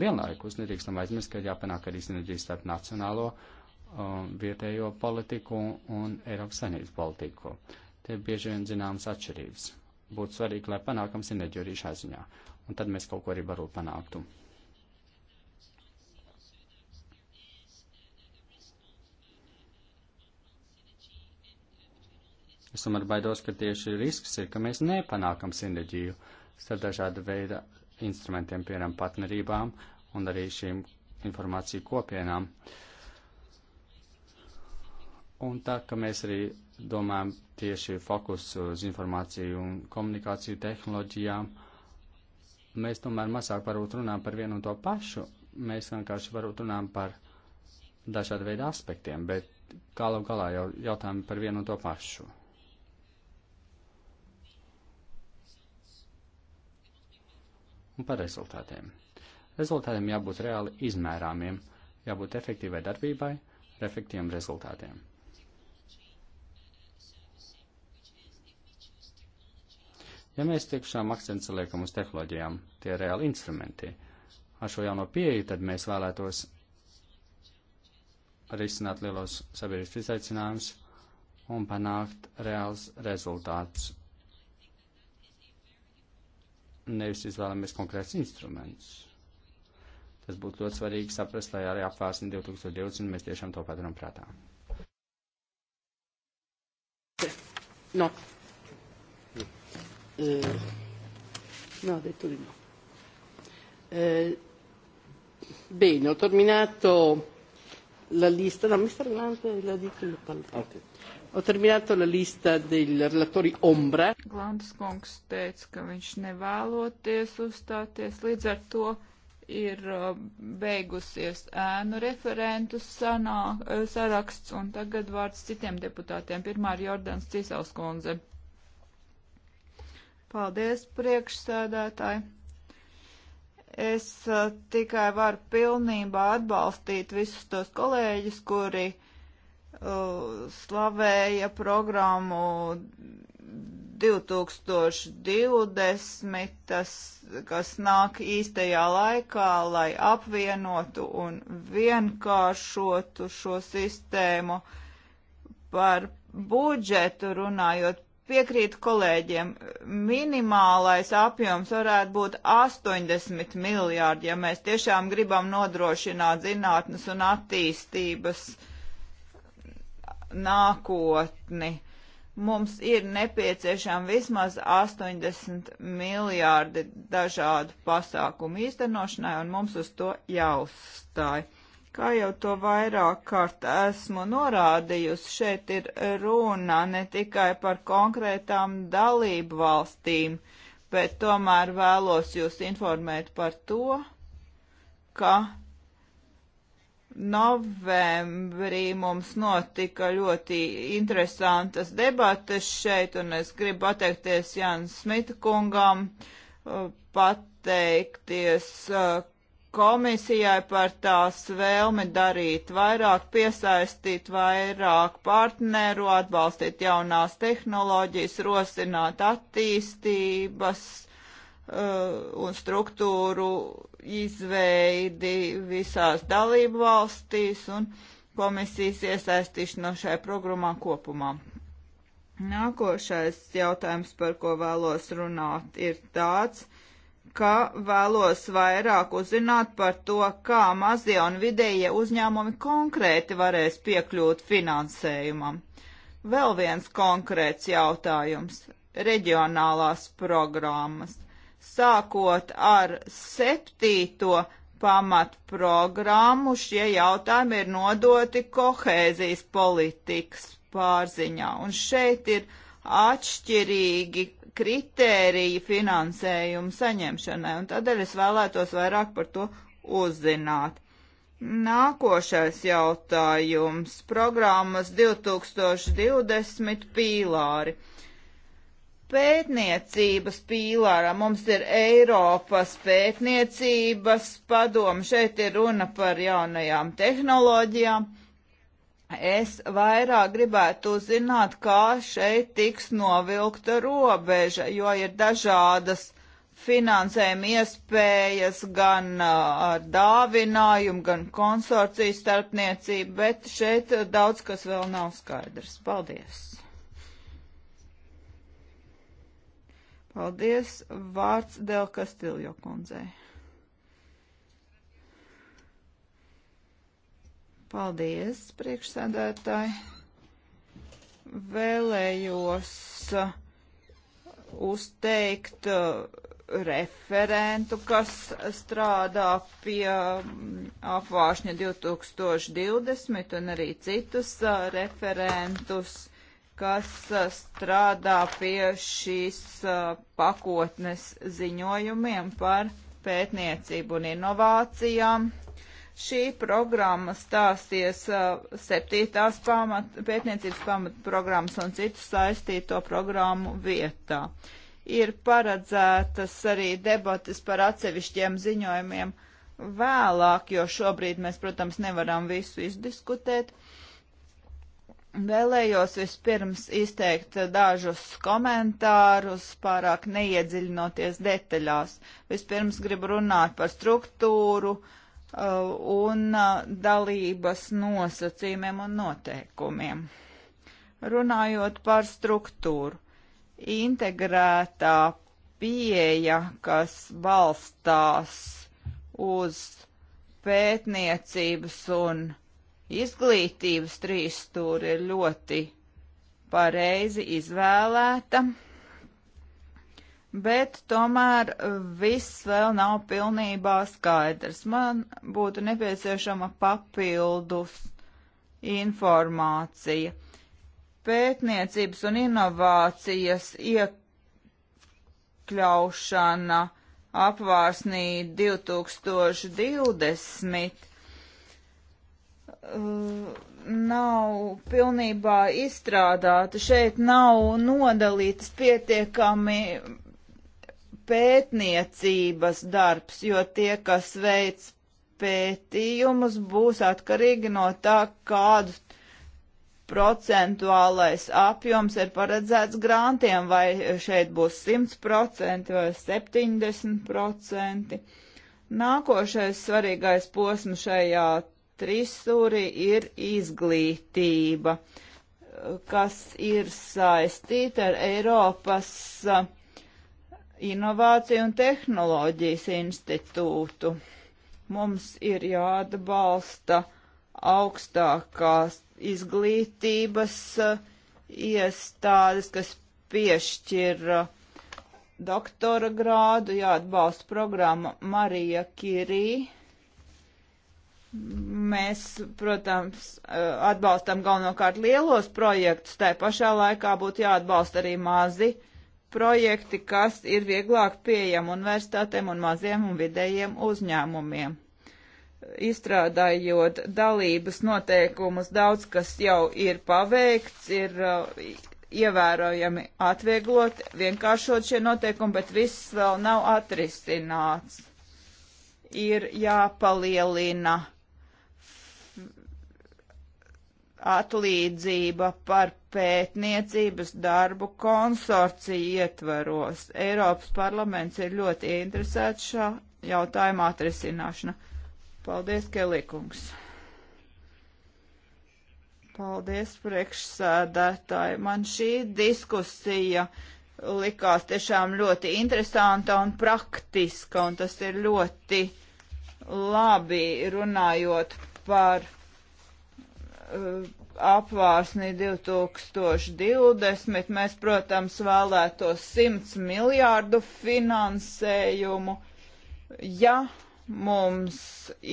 Speaker 1: Vienlaikus nedrīkstam aizmirst, ka jāpanāk arī sinerģijas starp nacionālo, um, vietējo politiku un Eiropas saimnības politiku. Te bieži vien zināmas atšķirības būtu svarīgi, lai panākam sinerģiju arī šajā ziņā. Un tad mēs kaut ko arī varu panāktu. Es tomēr baidos, ka tieši risks ir, ka mēs nepanākam sinerģiju starp dažāda veida instrumentiem, piemēram, partnerībām un arī šīm informāciju kopienām. Un tā, ka mēs arī domājam tieši fokus uz informāciju un komunikāciju tehnoloģijām, mēs tomēr mazāk varbūt runājam par vienu un to pašu. Mēs vienkārši varbūt runājam par dažādu veidu aspektiem, bet galu galā jau jautājam par vienu un to pašu. Un par rezultātiem. Rezultātiem jābūt reāli izmērāmiem, jābūt efektīvai darbībai, efektīviem rezultātiem. Ja mēs tiešām akcents liekam uz tehnoloģijām, tie ir reāli instrumenti. Ar šo jauno pieeju tad mēs vēlētos risināt lielos sabiedrības izaicinājumus un panākt reāls rezultāts. Nevis izvēlamies konkrēts instruments. Tas būtu ļoti svarīgi saprast, lai arī apvērsni 2020 mēs tiešām to paturam prātā. No. Eh,
Speaker 3: no, ha detto di no. Eh, bene, ho terminato la lista. No, mi sta arrivando la dico il pallo. Okay. Ho terminato la lista dei relatori ombra. Glantas kungs teica, ka viņš nevēloties uzstāties, līdz ar to ir uh, beigusies ēnu referentu sanā, uh, saraksts un tagad vārds citiem deputātiem. Pirmā ir Jordans Cīsauskundze. Paldies, priekšsēdētāji. Es uh, tikai varu pilnībā atbalstīt visus tos kolēģus, kuri uh, slavēja programmu 2020, tas, kas nāk īstajā laikā, lai apvienotu un vienkāršotu šo sistēmu par budžetu runājot piekrītu kolēģiem, minimālais apjoms varētu būt 80 miljārdi, ja mēs tiešām gribam nodrošināt zinātnes un attīstības nākotni. Mums ir nepieciešām vismaz 80 miljārdi dažādu pasākumu īstenošanai, un mums uz to jāuzstāj. Kā jau to vairāk kārt esmu norādījusi, šeit ir runa ne tikai par konkrētām dalību valstīm, bet tomēr vēlos jūs informēt par to, ka novembrī mums notika ļoti interesantas debates šeit, un es gribu pateikties Jānis Smita kungam, pateikties komisijai par tās vēlmi darīt vairāk, piesaistīt vairāk partneru, atbalstīt jaunās tehnoloģijas, rosināt attīstības uh, un struktūru izveidi visās dalību valstīs un komisijas iesaistīšanos no šajā programmā kopumā. Nākošais jautājums, par ko vēlos runāt, ir tāds, ka vēlos vairāk uzzināt par to, kā mazie un vidējie uzņēmumi konkrēti varēs piekļūt finansējumam. Vēl viens konkrēts jautājums - reģionālās programmas. Sākot ar septīto pamatprogrammu, šie jautājumi ir nodoti kohēzijas politikas pārziņā. Un šeit ir atšķirīgi kritēriji finansējumu saņemšanai, un tādēļ es vēlētos vairāk par to uzzināt. Nākošais jautājums - programmas 2020 pīlāri. Pētniecības pīlāra mums ir Eiropas pētniecības padomu, šeit ir runa par jaunajām tehnoloģijām, Es vairāk gribētu uzzināt, kā šeit tiks novilkta robeža, jo ir dažādas finansējuma iespējas gan uh, ar dāvinājumu, gan konsorciju starpniecību, bet šeit uh, daudz kas vēl nav skaidrs. Paldies! Paldies! Vārds Del Kastiljo kundzei. Paldies, priekšsēdētāji. Vēlējos uh, uzteikt uh, referentu, kas strādā pie um, apvāršņa 2020 un arī citus uh, referentus, kas strādā pie šīs pakotnes ziņojumiem par pētniecību un inovācijām. Šī programma stāsies uh, septītās pamat, pētniecības pamatprogrammas un citu saistīto programmu vietā. Ir paredzētas arī debatas par atsevišķiem ziņojumiem vēlāk, jo šobrīd mēs, protams, nevaram visu izdiskutēt. Vēlējos vispirms izteikt dažus komentārus, pārāk neiedziļinoties detaļās. Vispirms gribu runāt par struktūru, uh, Uh, un uh, dalības nosacījumiem un noteikumiem. Runājot par struktūru, integrētā pieeja, kas balstās uz pētniecības un izglītības trīs stūri, ir ļoti pareizi izvēlēta bet tomēr viss vēl nav pilnībā skaidrs. Man būtu nepieciešama papildus informācija. Pētniecības un inovācijas iekļaušana apvārsnī 2020 uh, nav pilnībā izstrādāta. Šeit nav nodalītas pietiekami pētniecības darbs, jo tie, kas veids pētījumus, būs atkarīgi no tā, kādu procentuālais apjoms ir paredzēts grantiem, vai šeit būs 100% vai 70%. Nākošais svarīgais posms šajā trisūrī ir izglītība, kas ir saistīta ar Eiropas uh, Inovāciju un tehnoloģijas institūtu. Mums ir jāatbalsta augstākās izglītības uh, iestādes, kas piešķira uh, doktora grādu, jāatbalsta programma Marija Kirī. Mēs, protams, uh, atbalstam galvenokārt lielos projektus, tā pašā laikā būtu jāatbalsta arī mazi projekti projekti, kas ir vieglāk pieejami universitātēm un maziem un vidējiem uzņēmumiem. Izstrādājot dalības noteikumus, daudz kas jau ir paveikts, ir uh, ievērojami atvieglot, vienkāršot šie noteikumi, bet viss vēl nav atrisināts. Ir jāpalielina uh, atlīdzība par pētniecības darbu konsorciju ietvaros. Eiropas parlaments ir ļoti interesēts šā jautājuma atrisināšana. Paldies, Kelikungs! Paldies, priekšsēdētāji! Man šī diskusija likās tiešām ļoti interesanta un praktiska, un tas ir ļoti labi runājot par apvārsnī 2020. Mēs, protams, vēlētos 100 miljārdu finansējumu. Ja mums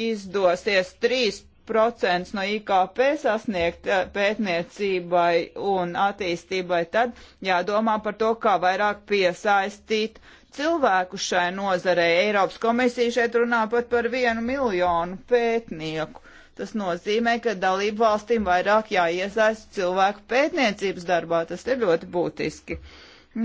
Speaker 3: izdosies 3% no IKP sasniegt pētniecībai un attīstībai, tad jādomā par to, kā vairāk piesaistīt cilvēku šai nozarei. Eiropas komisija šeit runā pat par vienu miljonu pētnieku Tas nozīmē, ka dalību valstīm vairāk jāiesaist cilvēku pētniecības darbā. Tas ir ļoti būtiski.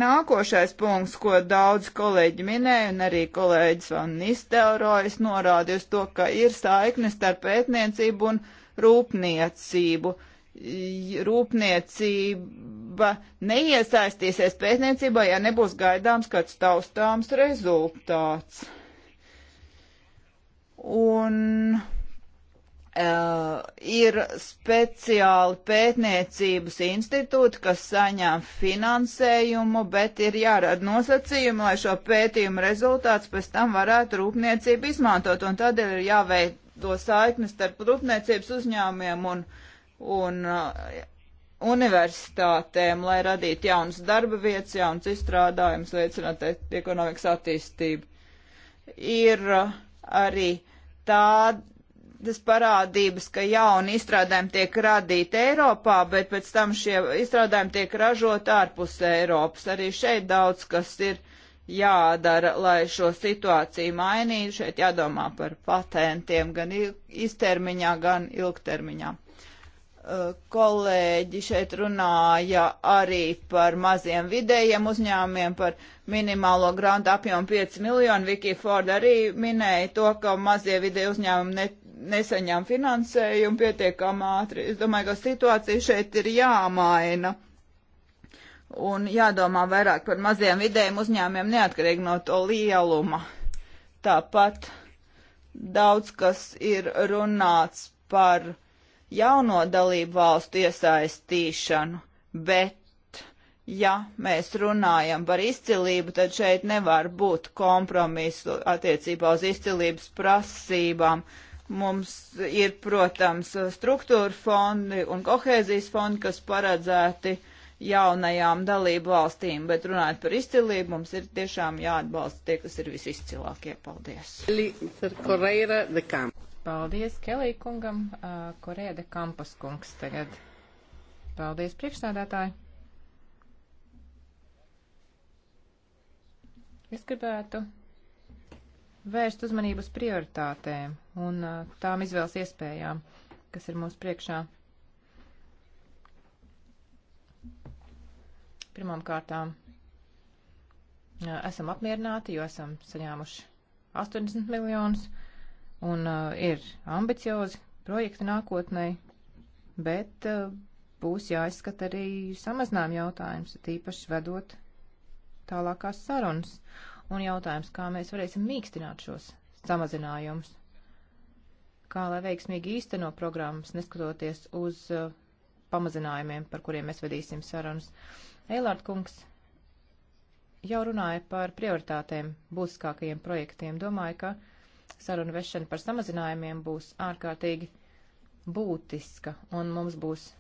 Speaker 3: Nākošais punkts, ko daudz kolēģi minēja, un arī kolēģis Van Nistelrojas norādīja uz to, ka ir saiknes starp pētniecību un rūpniecību. Rūpniecība neiesaistīsies pētniecībā, ja nebūs gaidāms kāds taustāms rezultāts. Un Uh, ir speciāli pētniecības institūti, kas saņem finansējumu, bet ir jārada nosacījumi, lai šo pētījumu rezultāts pēc tam varētu rūpniecību izmantot, un tādēļ ir jāveido saiknes starp rūpniecības uzņēmumiem un, un uh, universitātēm, lai radītu jaunas darba vietas, jaunas izstrādājumus, veicinātu ekonomikas attīstību. Ir uh, arī tāda tas parādības, ka jauni izstrādājumi tiek radīti Eiropā, bet pēc tam šie izstrādājumi tiek ražot ārpus Eiropas. Arī šeit daudz kas ir jādara, lai šo situāciju mainītu. Šeit jādomā par patentiem gan īstermiņā, gan ilgtermiņā. Uh, kolēģi šeit runāja arī par maziem vidējiem uzņēmumiem, par minimālo grantu apjomu 5 miljonu. Viki Ford arī minēja to, ka mazie vidēji uzņēmumi net nesaņem finansējumu pietiekam ātri. Es domāju, ka situācija šeit ir jāmaina un jādomā vairāk par maziem vidējiem uzņēmiem neatkarīgi no to lieluma. Tāpat daudz kas ir runāts par jauno dalību valstu iesaistīšanu, bet ja mēs runājam par izcilību, tad šeit nevar būt kompromisu attiecībā uz izcilības prasībām. Uh, Mums ir, protams, struktūra fondi un kohēzijas fondi, kas paredzēti jaunajām dalību valstīm, bet runājot par izcilību, mums ir tiešām jāatbalsta tie, kas ir visizcilākie. Paldies! Paldies Kelī kungam,
Speaker 2: Korēda Kampas kungs tagad. Paldies priekšsēdētāji! Es gribētu vērst uzmanību uz prioritātēm un uh, tām izvēles iespējām, kas ir mūsu priekšā. Pirmām kārtām uh, esam apmierināti, jo esam saņēmuši 80 miljonus un uh, ir ambiciozi projekti nākotnē, bet būs jāizskata arī samazinājuma jautājums, tīpaši vedot tālākās sarunas. Un jautājums, kā mēs varēsim mīkstināt šos samazinājumus, kā lai veiksmīgi īsteno programmas, neskatoties uz uh, pamazinājumiem, par kuriem mēs vedīsim sarunas. Eilārd kungs jau runāja par prioritātēm, būtiskākajiem projektiem. Domāju, ka saruna vešana par samazinājumiem būs ārkārtīgi būtiska, un mums būs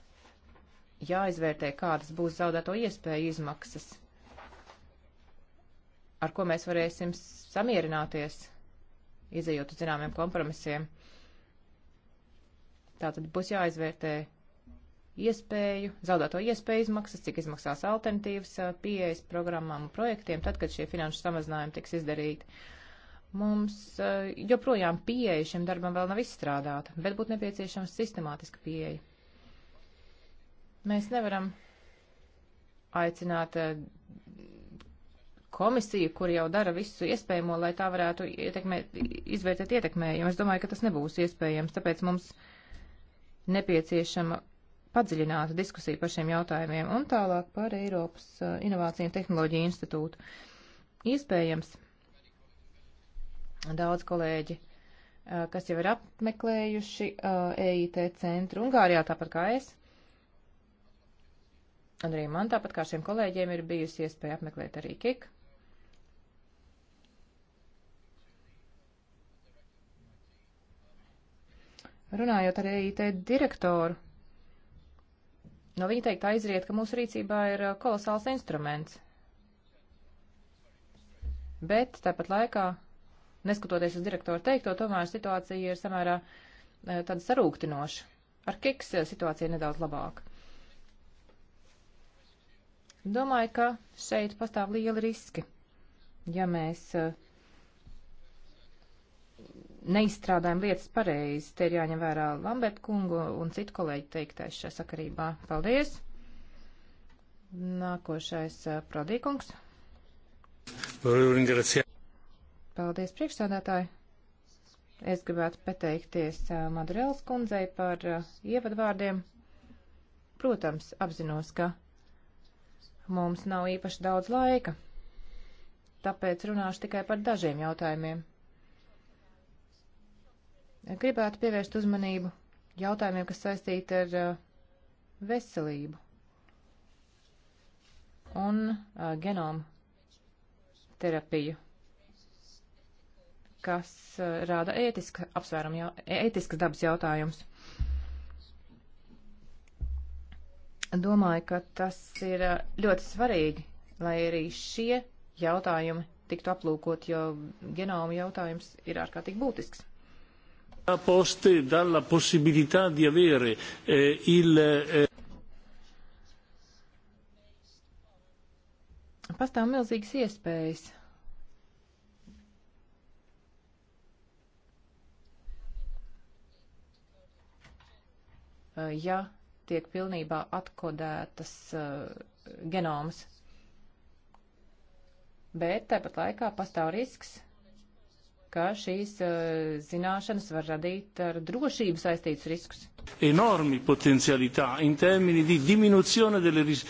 Speaker 2: jāizvērtē, kādas būs zaudēto iespēju izmaksas ar ko mēs varēsim samierināties, izējot uz zināmiem kompromisiem. Tātad būs jāizvērtē iespēju, zaudēto iespēju izmaksas, cik izmaksās alternatīvas pieejas programmām un projektiem, tad, kad šie finanšu samazinājumi tiks izdarīti. Mums joprojām pieeja šim darbam vēl nav izstrādāta, bet būtu nepieciešama sistemātiska pieeja. Mēs nevaram aicināt komisiju, kur jau dara visu iespējamo, lai tā varētu ietekmēt, izvērtēt ietekmējumu. Es domāju, ka tas nebūs iespējams, tāpēc mums nepieciešama padziļināta diskusija par šiem jautājumiem un tālāk par Eiropas uh, Inovāciju un Tehnoloģiju institūtu. Iespējams, daudz kolēģi, uh, kas jau ir apmeklējuši uh, EIT centru Ungārijā, tāpat kā es, un arī man tāpat kā šiem kolēģiem ir bijusi iespēja apmeklēt arī KIK. Runājot ar e IT direktoru, no viņa teikt aiziet, ka mūsu rīcībā ir uh, kolosāls instruments. Bet tāpat laikā, neskatoties uz direktoru teikto, tomēr situācija ir samērā uh, tāda sarūktinoša. Ar kiks uh, situācija ir nedaudz labāka. Domāju, ka šeit pastāv lieli riski, ja mēs uh, neizstrādājam lietas pareizi. Te ir jāņem vērā Lambert kungu un citu kolēģi teiktais šajā sakarībā. Paldies! Nākošais eh, prodīkungs.
Speaker 1: Paldies,
Speaker 2: priekšstādātāji! Es gribētu pateikties eh, Madurēlas kundzei par eh, ievadvārdiem. Protams, apzinos, ka mums nav īpaši daudz laika, tāpēc runāšu tikai par dažiem jautājumiem. Gribētu pievērst uzmanību jautājumiem, kas saistīti ar uh, veselību un uh, genomu terapiju, kas uh, rāda ētiska apsvērumu, ētiskas dabas jautājums. Domāju, ka tas ir ļoti svarīgi, lai arī šie jautājumi tiktu aplūkot, jo genoma jautājums ir ārkārtīgi būtisks
Speaker 1: poste dalla possibilità
Speaker 2: di avere eh, il eh... Pastāv milzīgas iespējas. Eh, ja tiek pilnībā atkodētas uh, genomas. Bet tāpat laikā pastāv risks, ka šīs uh, zināšanas var radīt ar drošību saistītus riskus.
Speaker 1: Enormi potencialitā in termini di diminuzione delle ris.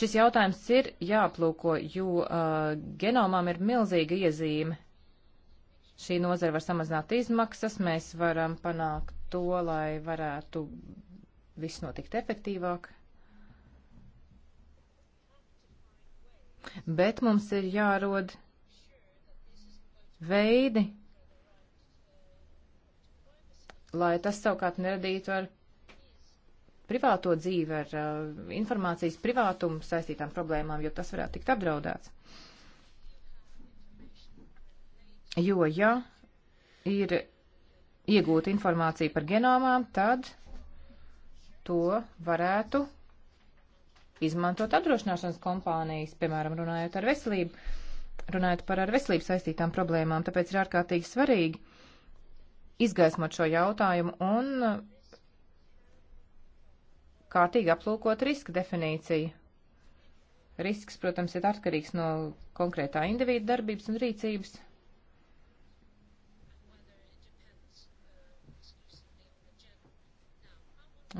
Speaker 2: Šis jautājums ir jāplūko, jo uh, genomām ir milzīga iezīme. Šī nozara var samazināt izmaksas, mēs varam panākt to, lai varētu viss notikt efektīvāk. Bet mums ir jārod veidi, lai tas savukārt neradītu ar privāto dzīvi, ar uh, informācijas privātumu saistītām problēmām, jo tas varētu tikt apdraudēts. Jo, ja ir iegūta informācija par genomām, tad to varētu izmantot apdrošināšanas kompānijas, piemēram, runājot ar veselību runājot par ar veselību saistītām problēmām, tāpēc ir ārkārtīgi svarīgi izgaismot šo jautājumu un uh, kārtīgi aplūkot riska definīciju. Risks, protams, ir atkarīgs no konkrētā individu darbības un rīcības.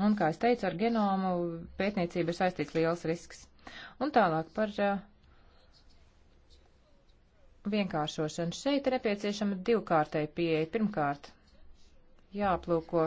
Speaker 2: Un, kā es teicu, ar genomu pētniecību ir saistīts liels risks. Un tālāk par uh, vienkāršošanu. Šeit ir nepieciešama divkārtēja pieeja. Pirmkārt, jāaplūko,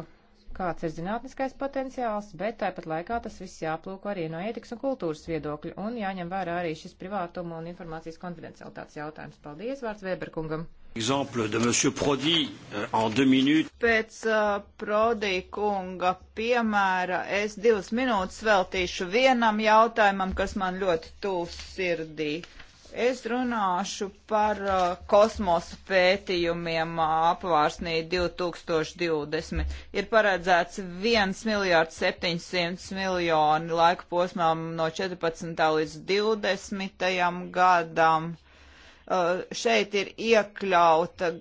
Speaker 2: kāds ir zinātniskais potenciāls, bet tāpat laikā tas viss jāaplūko arī no ētikas un kultūras viedokļa un jāņem vērā arī šis privātuma un informācijas konfidencialitātes jautājums. Paldies, vārds Vēberkungam!
Speaker 1: Exemple de Monsieur Prodi euh, en deux minutes.
Speaker 3: Pēc uh, Prodi kunga piemēra es divas minūtes veltīšu vienam jautājumam, kas man ļoti tūs sirdī. Uh, Es runāšu par uh, kosmosa pētījumiem uh, apvārsnī 2020. Ir paredzēts 1 miljārds 700 miljoni laika posmām no 14. līdz 20. gadam. Uh, šeit ir iekļauta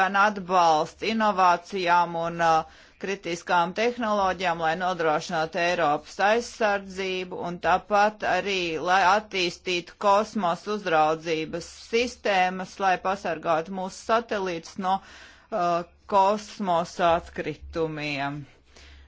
Speaker 3: gan atbalsts inovācijām un uh, kritiskām tehnoloģijām, lai nodrošinātu Eiropas aizsardzību un tāpat arī, lai attīstītu kosmos uzraudzības sistēmas, lai pasargātu mūsu satelītus no uh, kosmosa atkritumiem.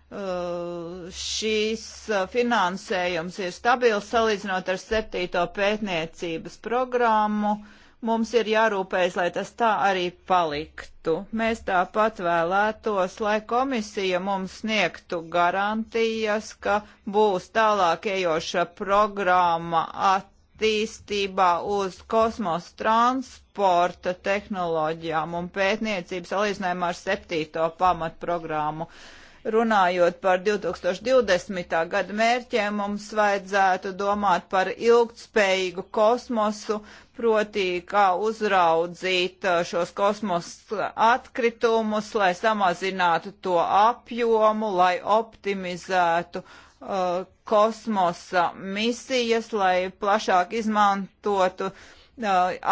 Speaker 3: Uh, šīs uh, finansējums ir stabils salīdzinot ar septīto pētniecības programmu. Uh, Mums ir jārūpējas, lai tas tā arī paliktu. Mēs tāpat vēlētos, lai komisija mums sniegtu garantijas, ka būs tālāk ejoša programma attīstībā uz kosmos transporta tehnoloģijām un pētniecības salīdzinājumā ar septīto pamatprogrammu. Uh, runājot par 2020. gada mērķiem, mums vajadzētu domāt par ilgtspējīgu kosmosu, proti, kā uzraudzīt uh, šos kosmosa atkritumus, lai samazinātu to apjomu, lai optimizētu uh, kosmosa misijas, lai plašāk izmantotu uh,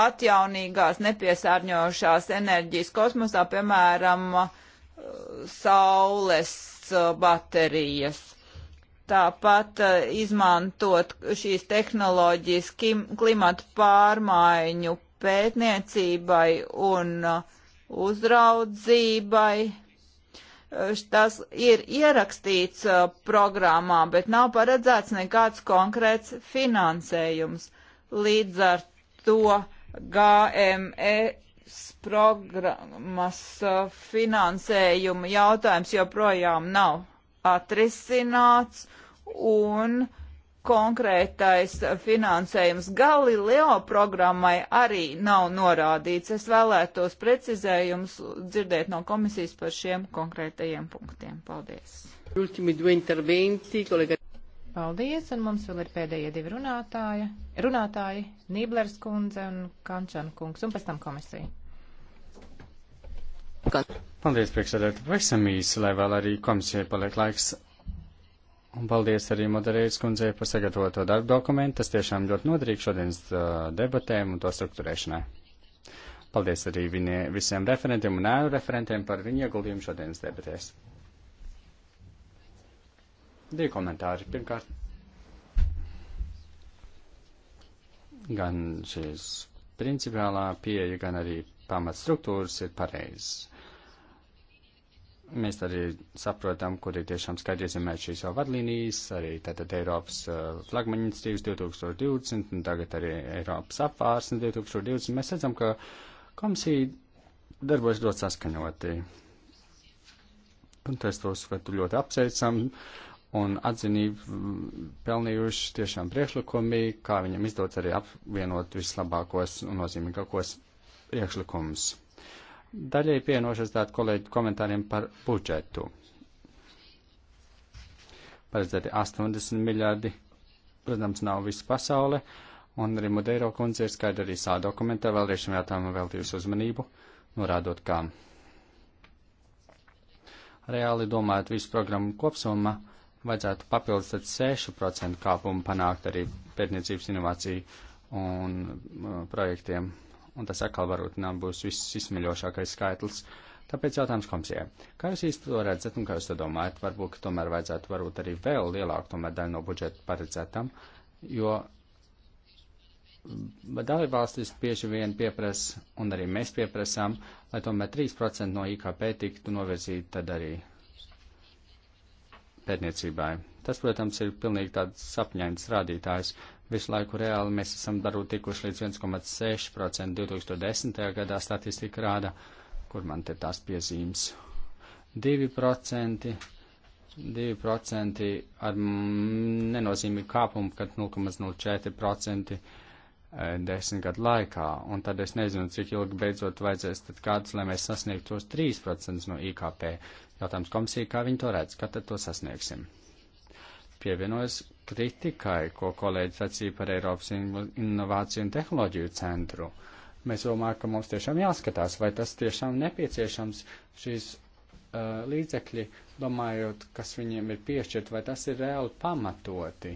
Speaker 3: atjaunīgās nepiesārņojošās enerģijas kosmosā, piemēram, uh, saules uh, baterijas. Tāpat uh, izmantot šīs tehnoloģijas klimatu pārmaiņu pētniecībai un uh, uzraudzībai. Tas ir ierakstīts programmā, bet nav paredzēts nekāds konkrēts finansējums. Līdz ar to GME programmas uh, finansējuma jautājums joprojām nav atrisināts un konkrētais finansējums Galileo programmai arī nav norādīts. Es vēlētos precizējumus dzirdēt no komisijas par šiem konkrētajiem punktiem. Paldies.
Speaker 2: Paldies, un mums vēl ir pēdējie divi runātāji. Runātāji Nīblers kundze un Kančana kungs, un pēc tam komisija.
Speaker 1: Gan. Paldies, priekšsēdēt. Visam īsi, lai vēl arī komisijai paliek laiks. Un paldies arī moderējas kundzei par sagatavoto darbu dokumentu. Tas tiešām ļoti noderīgi šodienas debatēm un to struktūrēšanai. Paldies arī viņie, visiem referentiem un ēnu referentiem par viņu ieguldījumu šodienas debatēs. Divi komentāri. Pirmkārt, gan šīs principiālā pieeja, gan arī pamatstruktūras ir pareizas. Mēs arī saprotam, kur ir tiešām skaidri iezīmēt šīs jau vadlīnijas, arī tātad Eiropas uh, flagmaņa institīvas 2020 un tagad arī Eiropas apvārsnes 2020. Mēs redzam, ka komisija darbojas ļoti saskaņoti. Un es to uzskatu ļoti apsveicam un atzinību mm, pelnījuši tiešām priekšlikumi, kā viņam izdodas arī apvienot vislabākos un nozīmīgākos priekšlikumus. Daļai pienošas tātad kolēģi komentāriem par budžetu. Paredzēti 80 miljardi, protams, nav visa pasaule, un arī Mudeiro kundze ir skaidri arī sā dokumentā, vēlreiz šim jautājumam veltījusi uzmanību, norādot, kā reāli domājot visu programmu kopsumma, vajadzētu papildus tad 6% kāpumu panākt arī pētniecības inovāciju un uh, projektiem un tas atkal varbūt nav būs viss izsmeļošākais skaitlis. Tāpēc jautājums komisijai. Kā jūs īsti to redzat un kā jūs to domājat? Varbūt, ka tomēr vajadzētu varbūt arī vēl lielāku tomēr daļu no budžeta paredzētam, jo dalībvalstis bieži vien pieprasa, un arī mēs pieprasām, lai tomēr 3% no IKP tiktu novirzīti tad arī pētniecībai. Tas, protams, ir pilnīgi tāds sapņains rādītājs, Visu laiku reāli mēs esam darot tikuši līdz 1,6% 2010. gadā statistika rāda, kur man te tās piezīmes. 2%, 2% ar nenozīmīgu kāpumu, kad 0,04% e, desmit gadu laikā, un tad es nezinu, cik ilgi beidzot vajadzēs tad kādus, lai mēs sasniegtu tos 3% no IKP. Jautājums komisija, kā viņi to redz, kad tad to sasniegsim? pievienojas kritikai, ko kolēģis sacīja par Eiropas Innovāciju un Tehnoloģiju centru. Mēs domājam, ka mums tiešām jāskatās, vai tas tiešām nepieciešams šīs uh, līdzekļi, domājot, kas viņiem ir piešķirt, vai tas ir reāli pamatoti.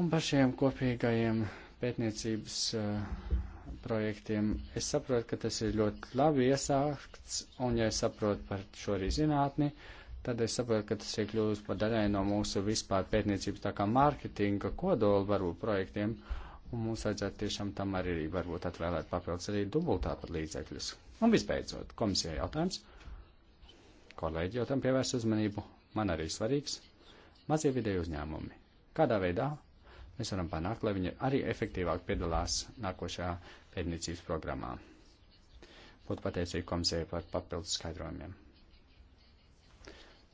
Speaker 1: Un par šiem kopīgajiem pētniecības uh, projektiem. Es saprotu, ka tas ir ļoti labi iesākts, un ja es saprotu par šo arī zinātni, uh, tad es saprotu, ka tas ir kļuvis par daļai no mūsu vispār pētniecības tā kā mārketinga kodola varbūt projektiem, un mums vajadzētu tiešām tam arī varbūt atvēlēt papildus arī dubultā pat līdzekļus. Un visbeidzot, komisija jautājums. Kolēģi jau tam pievērst uzmanību, man arī svarīgs. Mazie vidēji uzņēmumi. Kādā veidā mēs varam panākt, lai viņi arī efektīvāk piedalās nākošajā pētniecības programmā? Būtu pateicīgi komisijai par papildus skaidrojumiem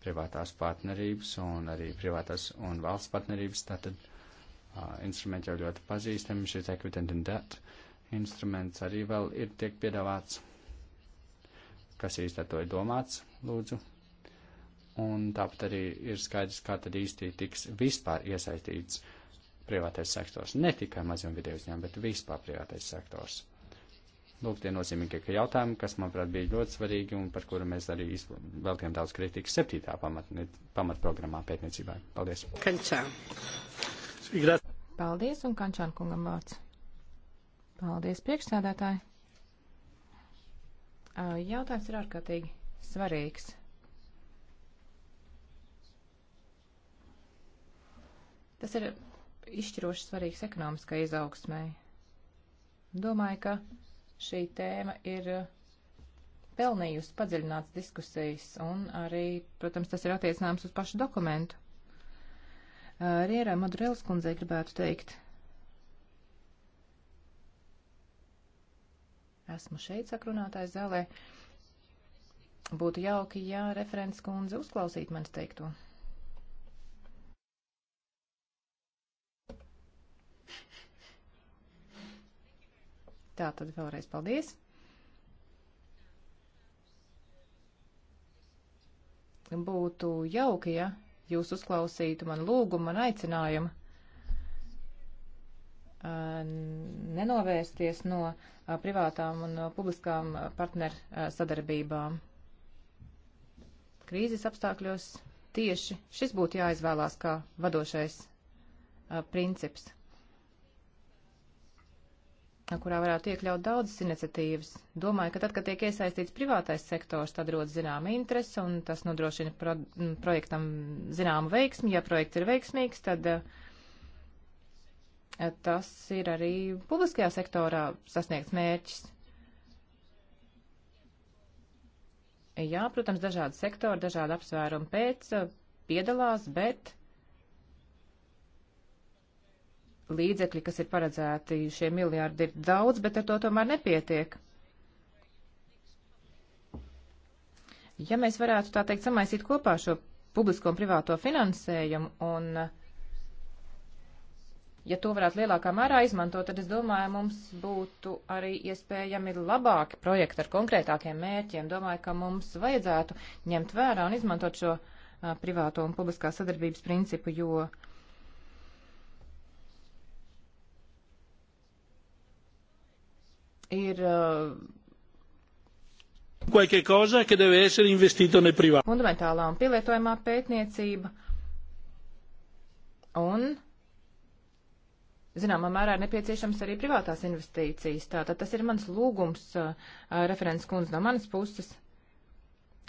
Speaker 1: privātās partnerības un arī privātās un valsts partnerības. Tātad uh, instrumenti jau ļoti pazīstami, šis equivalent and debt instruments arī vēl ir tiek piedāvāts. Kas īsti ar to ir domāts, lūdzu? Un tāpat arī ir skaidrs, kā tad īsti tiks vispār iesaistīts privātais sektors. Ne tikai mazie un vidēji uzņēmumi, bet vispār privātais sektors. Lūk, tie nozīmīgākie jautājumi, kas, manuprāt, bija ļoti svarīgi un par kuru mēs arī veltījām daudz kritikas septītā pamatprogrammā pamat pētniecībai. Paldies! Kančā.
Speaker 2: Paldies un Kančāna kungam vārds. Paldies, priekšsēdētāji. Jautājums ir ārkārtīgi svarīgs. Tas ir izšķiroši svarīgs ekonomiskai izaugsmai. Domāju, ka šī tēma ir eh, pelnījusi padziļināts diskusijas, un arī, protams, tas ir attiecināms uz pašu dokumentu. Eh, Rierā Madurēlas kundzei gribētu teikt. Esmu šeit sakrunātājs zālē. Būtu jauki, ja referents kundze uzklausītu manis teikto. Tā tad vēlreiz paldies. Būtu jauki, ja jūs uzklausītu man lūgumu, man aicinājumu nenovērsties no privātām un publiskām partneru sadarbībām. Krīzes apstākļos tieši šis būtu jāizvēlās kā vadošais princips kurā varētu iekļaut daudzas iniciatīvas. Domāju, ka tad, kad tiek iesaistīts privātais sektors, tad rodas zināma interese un tas nodrošina pro projektam zināmu veiksmi. Ja projekts ir veiksmīgs, tad eh, tas ir arī publiskajā sektorā sasniegts mērķis. Jā, protams, dažādi sektori, dažādi apsvērumi pēc eh, piedalās, bet līdzekļi, kas ir paredzēti šie miljārdi, ir daudz, bet ar to tomēr nepietiek. Ja mēs varētu tā teikt samaisīt kopā šo publisko un privāto finansējumu un ja to varētu lielākā mērā izmantot, tad es domāju, mums būtu arī iespējami labāki projekti ar konkrētākiem mērķiem. Domāju, ka mums vajadzētu ņemt vērā un izmantot šo uh, privāto un publiskā sadarbības principu, jo uh, ir.
Speaker 3: Uh,
Speaker 1: Qualche cosa che deve essere investito nel privato.
Speaker 2: Fundamentālā un pielietojamā pētniecība un, zināmā mērā, ir nepieciešams arī privātās investīcijas. Tātad tas ir mans lūgums, uh, referents kundze no manas puses,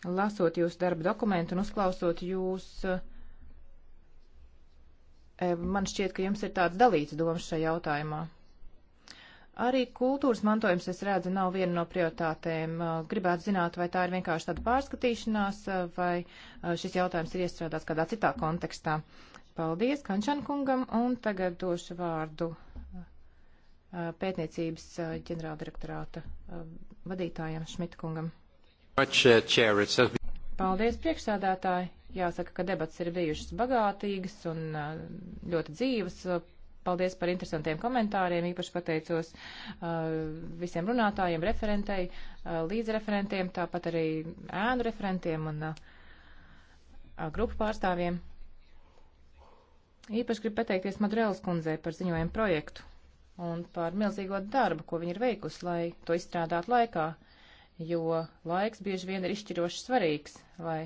Speaker 2: lasot jūsu darba dokumentu un uzklausot jūs. Uh, e, Man šķiet, ka jums ir tāds dalīts domas šajā jautājumā. Arī kultūras mantojums, es redzu, nav viena no prioritātēm. Gribētu zināt, vai tā ir vienkārši tāda pārskatīšanās, vai šis jautājums ir iestrādāts kādā citā kontekstā. Paldies Kančan kungam, un tagad došu vārdu pētniecības ģenerāldirektorāta vadītājam Šmita kungam.
Speaker 1: Uh,
Speaker 2: Paldies priekšsēdētāji. Jāsaka, ka debats ir bijušas bagātīgas un ļoti dzīvas Paldies par interesantiem komentāriem. Īpaši pateicos uh, visiem runātājiem, referentei, uh, līdzreferentiem, tāpat arī ēnu referentiem un uh, grupu pārstāvjiem. Īpaši gribu pateikties Madrēlas kundzei par ziņojumu projektu un par milzīgo darbu, ko viņi ir veikusi, lai to izstrādātu laikā, jo laiks bieži vien ir izšķiroši svarīgs, lai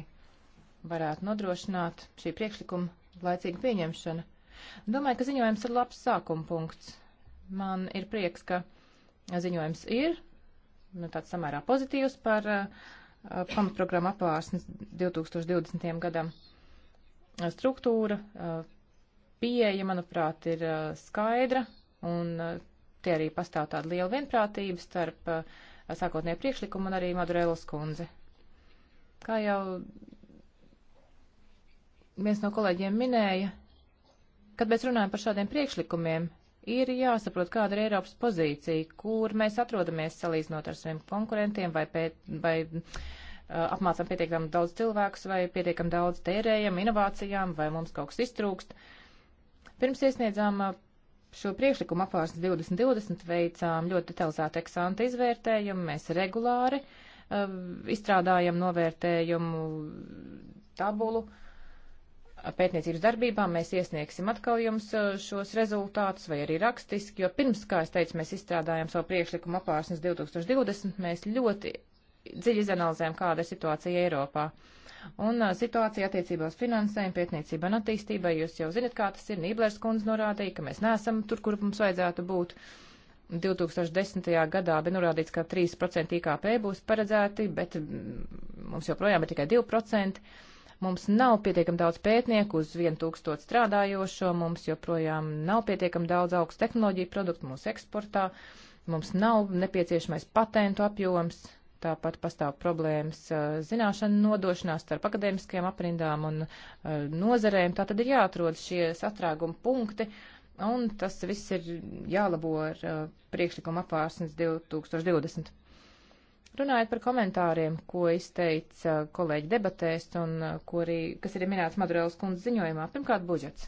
Speaker 2: varētu nodrošināt šī priekšlikuma laicīgu pieņemšanu. Domāju, ka ziņojums ir labs sākuma punkts. Man ir prieks, ka ziņojums ir nu, tāds samērā pozitīvs par uh, uh pamatprogrammu apvārsnes 2020. gadam. Uh, struktūra, uh, pieeja, manuprāt, ir uh, skaidra, un uh, tie arī pastāv tāda liela vienprātība starp sākotnēju priekšlikumu un arī Madurēlas kundzi. Kā jau viens no kolēģiem minēja, Kad mēs runājam par šādiem priekšlikumiem, ir jāsaprot, kāda ir Eiropas pozīcija, kur mēs atrodamies salīdzinot ar saviem konkurentiem vai, pēt, vai uh, apmācam pietiekami daudz cilvēkus vai pietiekami daudz tērējam, inovācijām vai mums kaut kas iztrūkst. Pirms iesniedzām uh, šo priekšlikumu apvārsnes 2020 veicām ļoti detalizētu eksāntu izvērtējumu, mēs regulāri uh, izstrādājam novērtējumu tabulu. Uh, pētniecības darbībām mēs iesniegsim atkal jums uh, šos rezultātus vai arī rakstiski, jo pirms, kā es teicu, mēs izstrādājām savu priekšlikumu apārsnes 2020, mēs ļoti dziļi izanalizējam, kāda ir situācija Eiropā. Un uh, situācija attiecībā uz finansējumu, pētniecību un attīstībai, jūs jau zinat, kā tas ir. Nīblers kundze norādīja, ka mēs neesam tur, kur mums vajadzētu būt. 2010. gadā bija norādīts, ka 3% IKP būs paredzēti, bet mm, mums joprojām ir tikai 2%. Mums nav pietiekami daudz pētnieku uz 1000 strādājošo, mums joprojām nav pietiekami daudz augstu tehnoloģiju produktu mūsu eksportā, mums nav nepieciešamais patentu apjoms, tāpat pastāv problēmas zināšanu nodošanā starp akadēmiskajām aprindām un nozarēm. Tā tad ir jāatrod šie satrāguma punkti, un tas viss ir jālabo ar priekšlikumu apvārsnes 2020. Runājot par komentāriem, ko izteica kolēģi debatēs un uh, ko arī, kas arī minēts Madurēlas kundzes ziņojumā, pirmkārt budžets.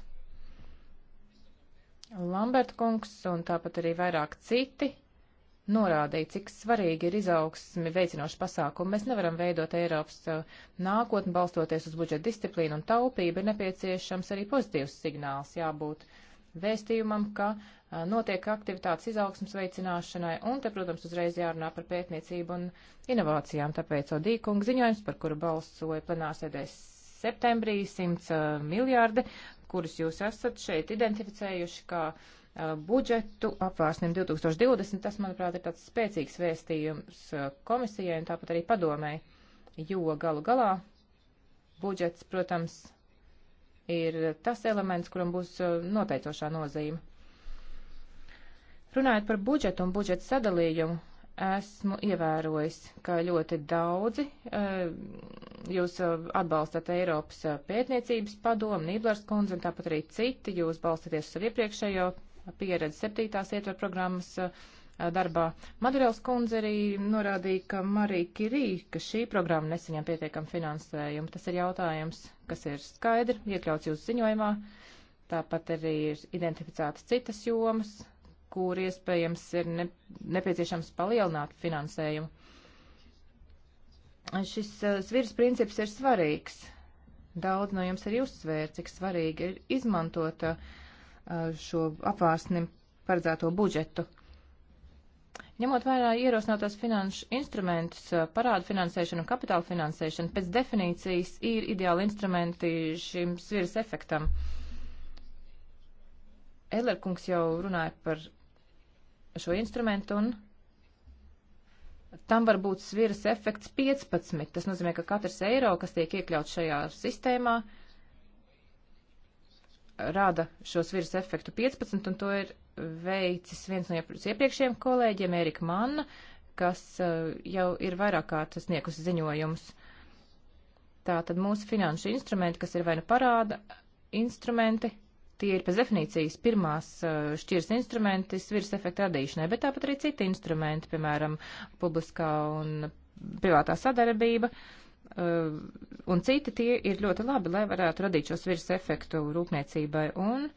Speaker 2: Lamberta kungs un tāpat arī vairāk citi norādīja, cik svarīgi ir izaugsmi veicinoši pasākumi. Mēs nevaram veidot Eiropas uh, nākotni balstoties uz budžeta disciplīnu un taupību. Ir nepieciešams arī pozitīvs signāls jābūt vēstījumam, ka notiek aktivitātes izaugsmas veicināšanai, un te, protams, uzreiz jārunā par pētniecību un inovācijām, tāpēc Odīkunga ziņojums, par kuru balsoja plenārsēdēs septembrī, 100 miljārdi, kurus jūs esat šeit identificējuši kā budžetu apvārsniem 2020, tas, manuprāt, ir tāds spēcīgs vēstījums komisijai un tāpat arī padomēji, jo galu galā budžets, protams, ir tas elements, kuram būs noteicošā nozīme. Runājot par budžetu un budžeta sadalījumu, esmu ievērojis, ka ļoti daudzi eh, jūs eh, atbalstat Eiropas eh, pētniecības padomu, Nīblers kundze un tāpat arī citi, jūs balstaties uz savu iepriekšējo pieredzi septītās ietver programmas darbā. Madurels kundze arī norādīja, ka Marija Kirī, ka šī programma nesaņem pietiekam finansējumu. Tas ir jautājums, kas ir skaidri, iekļauts jūsu ziņojumā. Tāpat arī ir identificētas citas jomas, kur iespējams ir ne, nepieciešams palielināt finansējumu. Šis uh, svirs princips ir svarīgs. Daudz no jums arī uzsvēra, cik svarīgi ir izmantot uh, šo apvārsnim paredzēto budžetu. Ņemot vērā ierosinātos finanšu instrumentus, eh, parādu finansēšanu un kapitāla finansēšanu, pēc definīcijas ir ideāli instrumenti šim sviras efektam. Edlerkungs jau runāja par šo instrumentu un tam var būt sviras efekts 15. Tas nozīmē, ka katrs eiro, kas tiek iekļauts šajā sistēmā, rada šo sviras efektu 15, un to ir veicis viens no iepriekšējiem kolēģiem, Erika Manna, kas uh, jau ir vairāk kārt sniegus ziņojumus. Tātad mūsu finanšu instrumenti, kas ir vai nu parāda instrumenti, tie ir pēc definīcijas pirmās eh, šķirs instrumenti svirs efekta radīšanai, bet tāpat arī citi instrumenti, piemēram, publiskā un privātā sadarbība. Eh, un citi tie ir ļoti labi, lai varētu radīt šo svirs efektu rūpniecībai. Un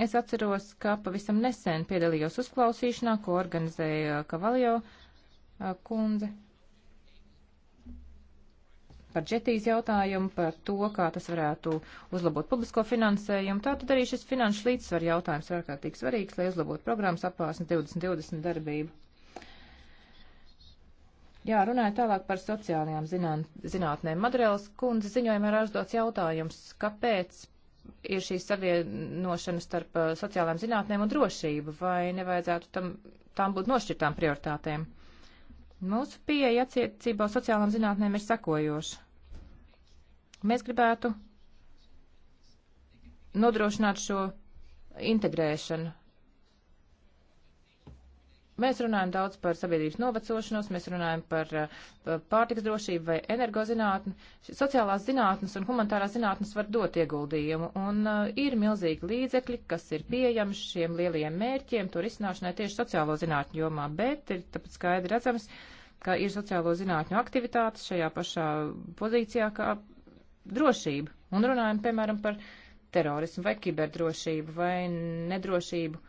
Speaker 2: es atceros, ka pavisam nesen piedalījos uzklausīšanā, ko organizēja Kavaljo eh, kundze par džetīs jautājumu, par to, kā tas varētu uzlabot publisko finansējumu. Tātad arī šis finanšu līdzsvar jautājums ir ārkārtīgi svarīgs, lai uzlabotu programmas apvārsni 2020 darbību. Jā, runāju tālāk par sociālajām zinātnēm. Madrēlas kundze ziņojumā ir aizdots jautājums, kāpēc ir šī savienošana starp uh, sociālām zinātnēm un drošību, vai nevajadzētu tam, tām būt nošķirtām prioritātēm. Mūsu pieeja attiecībā uz sociālām zinātnēm ir sekojoša. Mēs gribētu nodrošināt šo integrēšanu Mēs runājam daudz par sabiedrības novecošanos, mēs runājam par, par eh, pārtiks drošību vai energozinātni. Sociālās zinātnes un humanitārās zinātnes var dot ieguldījumu, un uh, ir milzīgi līdzekļi, kas ir pieejami šiem lielajiem mērķiem, to risināšanai tieši sociālo zinātņu jomā, bet ir tāpēc skaidri redzams, ka ir sociālo zinātņu aktivitātes šajā pašā pozīcijā kā drošība. Un runājam, piemēram, par terorismu vai kiberdrošību vai nedrošību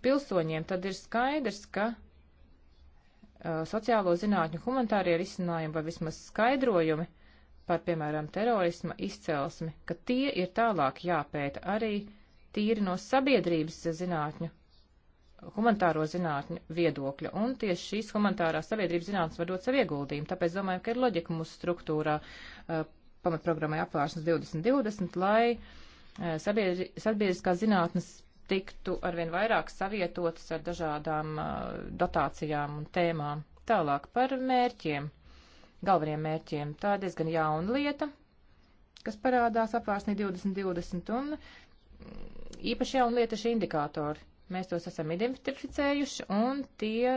Speaker 2: pilsoņiem, tad ir skaidrs, ka uh, sociālo zinātņu humanitārie risinājumi vai vismaz skaidrojumi par, piemēram, terorisma izcelsmi, ka tie ir tālāk jāpēta arī tīri no sabiedrības zinātņu, humanitāro zinātņu viedokļa. Un tieši šīs humanitārās sabiedrības zinātnes var dot savu ieguldījumu. Tāpēc domāju, ka ir loģika mūsu struktūrā uh, pamatprogrammai apvāršanas 2020, lai uh, sabiedri, sabiedriskās zinātnes tiktu arvien vairāk savietotas ar dažādām uh, dotācijām un tēmām. Tālāk par mērķiem, galveniem mērķiem. Tā ir diezgan jauna lieta, kas parādās apvārsnī 2020 un mm, īpaši jauna lieta šī indikātori. Mēs tos esam identificējuši un tie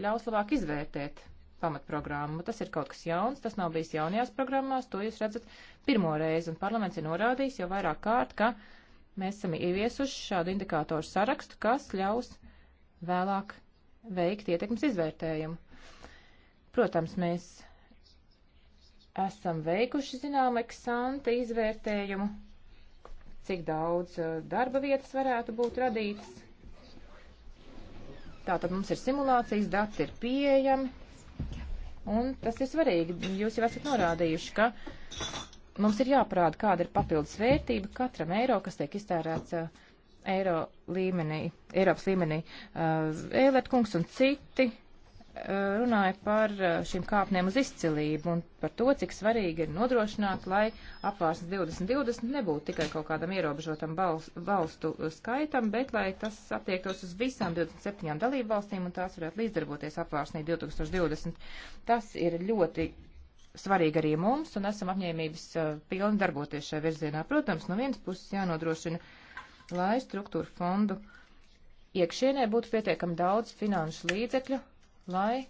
Speaker 2: ļaus labāk izvērtēt pamatprogrammu. Tas ir kaut kas jauns, tas nav bijis jaunajās programmās, to jūs redzat pirmo reizi, un parlaments ir norādījis jau vairāk kārt, ka uh, Mēs esam ieviesuši šādu indikātoru sarakstu, kas ļaus vēlāk veikt ietekmes izvērtējumu. Protams, mēs esam veikuši zināmu eksanta izvērtējumu, cik daudz uh, darba vietas varētu būt radītas. Tātad mums ir simulācijas, dati ir pieejami, un tas ir svarīgi. Jūs jau esat norādījuši, ka mums ir jāparāda, kāda ir papildus vērtība katram eiro, kas tiek iztērēts uh, eiro līmenī, Eiropas līmenī. Uh, Ēlēt kungs un citi uh, runāja par uh, šīm kāpnēm uz izcilību un par to, cik svarīgi ir nodrošināt, lai apvārsnes 2020 nebūtu tikai kaut kādam ierobežotam valstu skaitam, bet lai tas attiektos uz visām 27 dalību valstīm un tās varētu līdzdarboties apvārsnī 2020. Tas ir ļoti svarīgi arī mums un esam apņēmības pilni darboties šajā virzienā. Protams, no vienas puses jānodrošina, lai struktūra fondu iekšienē būtu pietiekami daudz finanšu līdzekļu, lai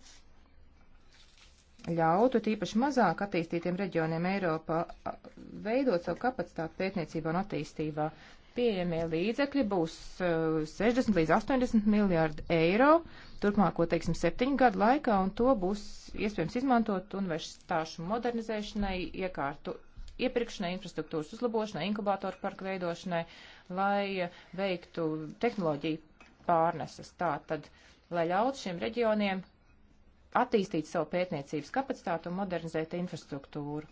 Speaker 2: ļautu tīpaši mazāk attīstītiem reģioniem Eiropā veidot savu kapacitātu pētniecībā un attīstībā pieejamie līdzekļi būs 60 uh, līdz 80 miljārdi eiro turpmāko, teiksim, septiņu gadu laikā, un to būs iespējams izmantot universitāšu modernizēšanai, iekārtu iepirkšanai, infrastruktūras uzlabošanai, inkubātoru parku veidošanai, lai veiktu tehnoloģiju pārneses. Tā tad, lai ļautu šiem reģioniem attīstīt savu pētniecības kapacitātu un modernizēt infrastruktūru.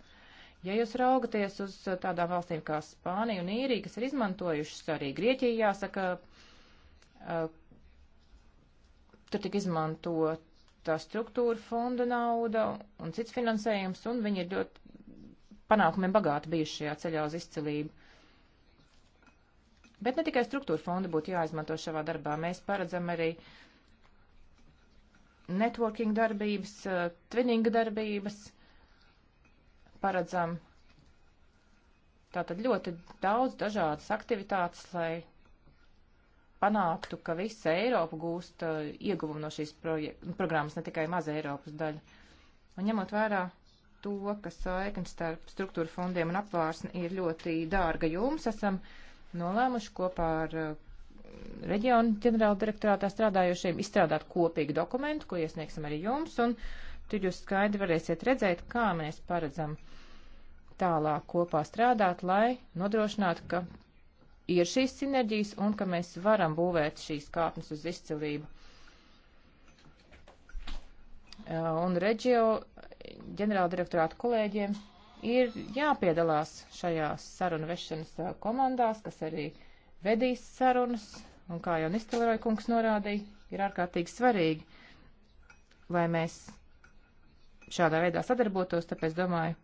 Speaker 2: Ja jūs raugaties uz uh, tādām valstīm kā Spānija un Īrija, kas ir izmantojušas arī Grieķija, jāsaka, uh, tur tika izmantota struktūra fonda nauda un cits finansējums, un viņi ir ļoti panākumiem bagāti bijuši šajā ceļā uz izcilību. Bet ne tikai struktūra fonda būtu jāizmanto šajā darbā. Mēs paredzam arī networking darbības, uh, twininga darbības. Uh, paredzam tātad ļoti daudz dažādas aktivitātes, lai panāktu, ka visa Eiropa gūst uh, ieguvumu no šīs programmas, ne tikai maza Eiropas daļa. Un ņemot vērā to, ka saikni starp struktūra fondiem un apvārsni ir ļoti dārga jums, esam nolēmuši kopā ar uh, reģionu ģenerāla direktorātā strādājošiem izstrādāt kopīgu dokumentu, ko iesniegsim arī jums. Un, uh, tur jūs skaidri varēsiet redzēt, kā mēs paredzam tālāk kopā strādāt, lai nodrošinātu, ka ir šīs sinerģijas un ka mēs varam būvēt šīs kāpnes uz izcilību. Un reģio ģenerāldirektorātu kolēģiem ir jāpiedalās šajās sarunu vešanas komandās, kas arī vedīs sarunas, un kā jau Nisteleroja kungs norādīja, ir ārkārtīgi svarīgi, lai mēs šādā veidā sadarbotos, tāpēc domāju,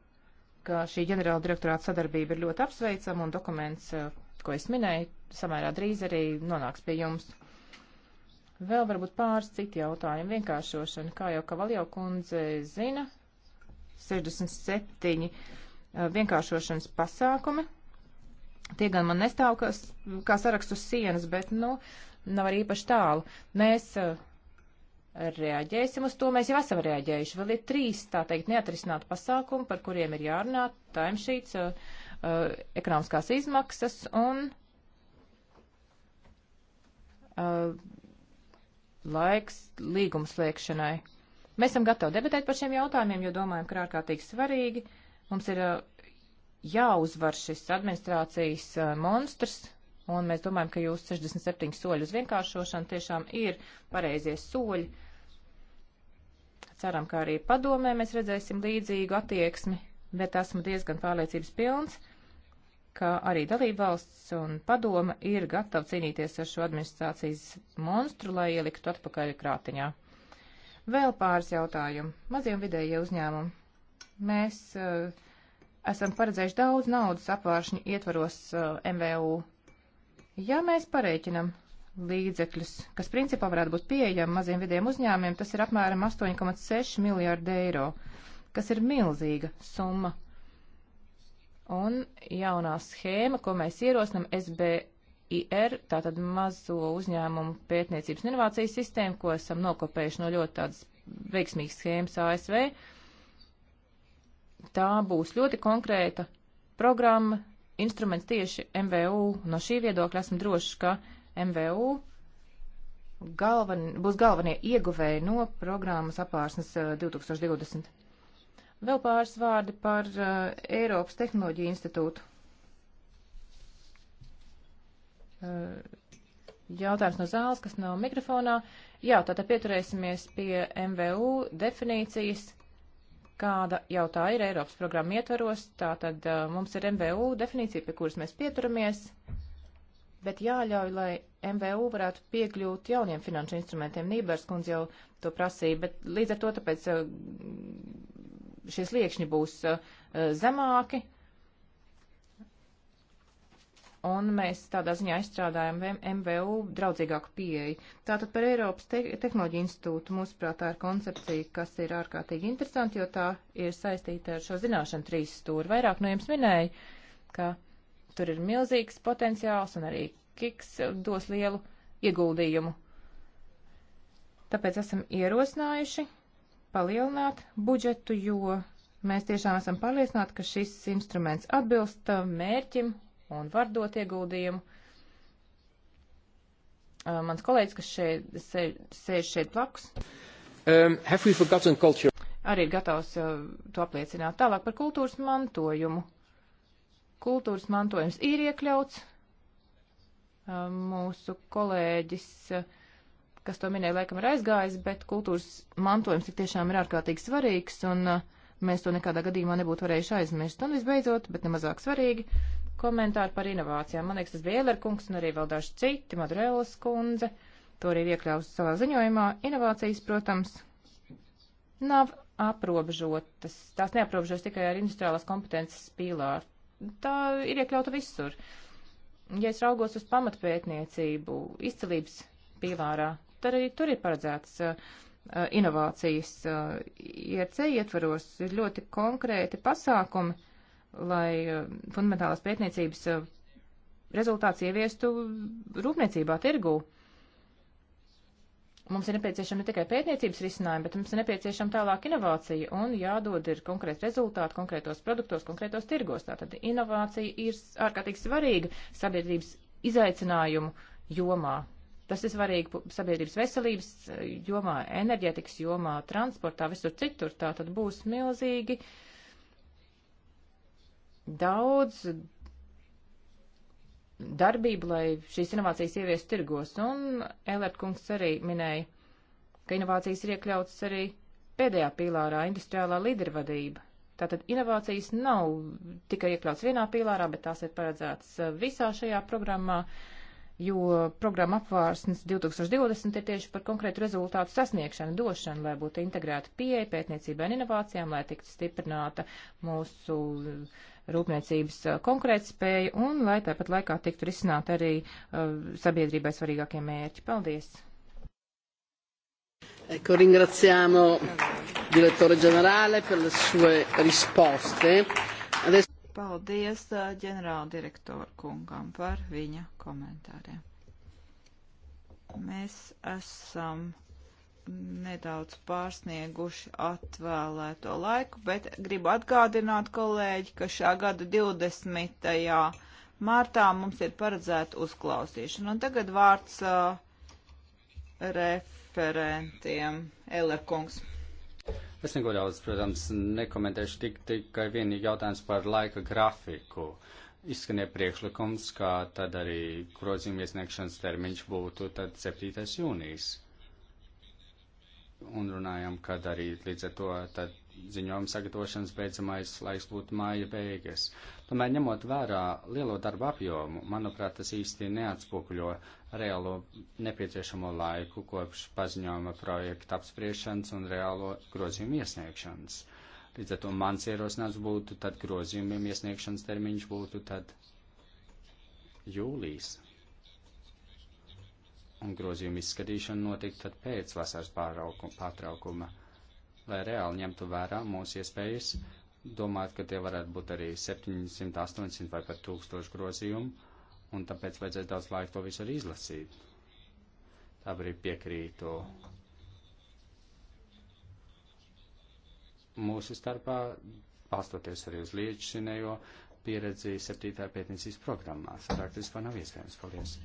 Speaker 2: ka šī ģenerāla direktorāta sadarbība ir ļoti apsveicama un dokuments, eh, ko es minēju, samērā drīz arī nonāks pie jums. Vēl varbūt pāris citi jautājumi vienkāršošana. Kā jau Kavaljau kundze zina, 67 eh, vienkāršošanas pasākumi. Tie gan man nestāv kā, kā sarakstu sienas, bet, nu, nav arī īpaši tālu. Mēs uh, reaģēsim uz to. Mēs jau esam reaģējuši. Vēl ir trīs, tā teikt, neatrisināt pasākumi, par kuriem ir jārunā - timesheets, uh, uh, ekonomiskās izmaksas un uh, laiks līgums slēgšanai. Mēs esam gatavi debatēt par šiem jautājumiem, jo domājam, ka ārkārtīgi svarīgi. Mums ir uh, jāuzvar šis administrācijas uh, monstrs, un mēs domājam, ka jūsu 67 soļi uz vienkāršošanu tiešām ir pareizie soļi. Ceram, ka arī padomē mēs redzēsim līdzīgu attieksmi, bet esmu diezgan pārliecības pilns, ka arī dalībvalsts un padoma ir gatava cīnīties ar šo administrācijas monstru, lai ieliktu atpakaļ krātiņā. Vēl pāris jautājumu. Maziem vidējie uzņēmumi. Mēs uh, esam paredzējuši daudz naudas apvāršņu ietvaros uh, eh, MVU Ja mēs pareiķinam līdzekļus, kas principā varētu būt pieejami maziem vidiem uzņēmumiem, tas ir apmēram 8,6 miljārdi eiro, kas ir milzīga summa. Un jaunā schēma, ko mēs ierosinam, SBIR, tātad mazo uzņēmumu pētniecības un inovācijas sistēma, ko esam nokopējuši no ļoti tādas veiksmīgas schēmas ASV, tā būs ļoti konkrēta programma instruments tieši MVU. No šī viedokļa esmu drošs, ka MVU galvan, būs galvenie ieguvēji no programmas apārsnes 2020. Eh, Vēl pāris vārdi par uh, Eiropas Tehnoloģiju institūtu. Uh, jautājums no zāles, kas nav mikrofonā. Jā, tātad pieturēsimies pie MVU definīcijas kāda jau tā ir Eiropas programma ietvaros. Tātad uh, mums ir MVU definīcija, pie kuras mēs pieturamies, bet jāļauj, lai MVU varētu piekļūt jauniem finanšu instrumentiem. Nībērs kundze jau to prasīja, bet līdz ar to tāpēc uh, šie sliekšņi būs uh, zemāki un mēs tādā ziņā izstrādājam MVU draudzīgāku pieeju. Tātad par Eiropas te tehnoloģiju institūtu mūsuprāt tā ir koncepcija, kas ir ārkārtīgi interesanti, jo tā ir saistīta ar šo zināšanu trīs stūri. Vairāk no jums minēja, ka tur ir milzīgs potenciāls un arī kiks dos lielu ieguldījumu. Tāpēc esam ierosinājuši palielināt budžetu, jo mēs tiešām esam pārliecināti, ka šis instruments atbilst mērķim un var dot ieguldījumu. Uh, mans kolēģis, kas šeit, se, sēž šeit blakus, um, arī ir gatavs uh, to apliecināt. Tālāk par kultūras mantojumu. Kultūras mantojums ir iekļauts. Uh, mūsu kolēģis, uh, kas to minēja, laikam ir aizgājis, bet kultūras mantojums tik tiešām ir ārkārtīgi svarīgs, un uh, mēs to nekādā gadījumā nebūtu varējuši aizmirst. Un visbeidzot, bet nemazāk svarīgi, komentāru par inovācijām. Man liekas, tas bija Ēlerkungs un arī vēl daži citi, Madurēlas kundze. To arī iekļaus savā ziņojumā. Inovācijas, protams, nav aprobežotas. Tās neaprobežojas tikai ar industriālās kompetences pīlāru. Tā ir iekļauta visur. Ja es raugos uz pamatpētniecību, izcelības pīlārā, tad arī tur ir paredzētas uh, uh, inovācijas. Uh, IRC ietvaros ir ļoti konkrēti pasākumi lai eh, fundamentālās pētniecības eh, rezultāts ieviestu rūpniecībā, tirgū. Mums ir nepieciešama ne tikai pētniecības risinājuma, bet mums ir nepieciešama tālāk inovācija un jādod ir konkrēti rezultāti konkrētos produktos, konkrētos tirgos. Tātad inovācija ir ārkārtīgi svarīga sabiedrības izaicinājumu jomā. Tas ir svarīgi sabiedrības veselības eh, jomā, enerģētikas jomā, transportā, visur citur. Tātad būs milzīgi uh, daudz darbību, lai šīs inovācijas ievies tirgos. Un Elert kungs arī minēja, ka inovācijas ir iekļautas arī pēdējā pīlārā - industriālā līdervadība. Tātad inovācijas nav tikai iekļauts vienā pīlārā, bet tās ir paredzētas uh, visā šajā programmā, jo programma apvārsnes 2020 ir tieši par konkrētu rezultātu sasniegšanu, došanu, lai būtu integrēta pieeja pētniecībai un inovācijām, lai tiktu stiprināta mūsu rūpniecības konkurētspēju un lai tāpat laikā tiktu risināt arī sabiedrībai svarīgākie mērķi. Paldies!
Speaker 3: Ecco, ringraziamo il direttore generale per le sue risposte. Adesso... Paldies ģenerāldirektoru kungam par viņa komentāriem. Mēs esam nedaudz pārsnieguši atvēlēto laiku, bet gribu atgādināt kolēģi, ka šā gada 20. martā mums ir paredzēta uzklausīšana. Un tagad vārds uh, referentiem. Elekungs.
Speaker 1: Es neko daudz, protams, nekomentēšu tik, tikai vienīgi jautājums par laika grafiku. Izskanīja priekšlikums, ka tad arī grozījuma iesniegšanas termiņš būtu tad 7. jūnijas un runājam, kad arī līdz ar to tad ziņojuma sagatavošanas beidzamais laiks būtu māja beigas. Tomēr ņemot vērā lielo darbu apjomu, manuprāt, tas īsti neatspoguļo reālo nepieciešamo laiku kopš paziņojuma projekta apspriešanas un reālo grozījumu iesniegšanas. Līdz ar to mans ierosinājums būtu, tad grozījumiem iesniegšanas termiņš būtu tad jūlijas un grozījumu izskatīšana notikt tad pēc vasaras pārtraukuma, lai reāli ņemtu vērā mūsu iespējas domāt, ka tie varētu būt arī 700, 800 vai pat 1000 grozījumu, un tāpēc vajadzēs daudz laika to visu arī izlasīt. Tā arī piekrītu. Mūsu starpā, balstoties arī uz līdzšinējo pieredzi 7. pētniecības programmā, sadāk tas vēl nav iespējams. Paldies!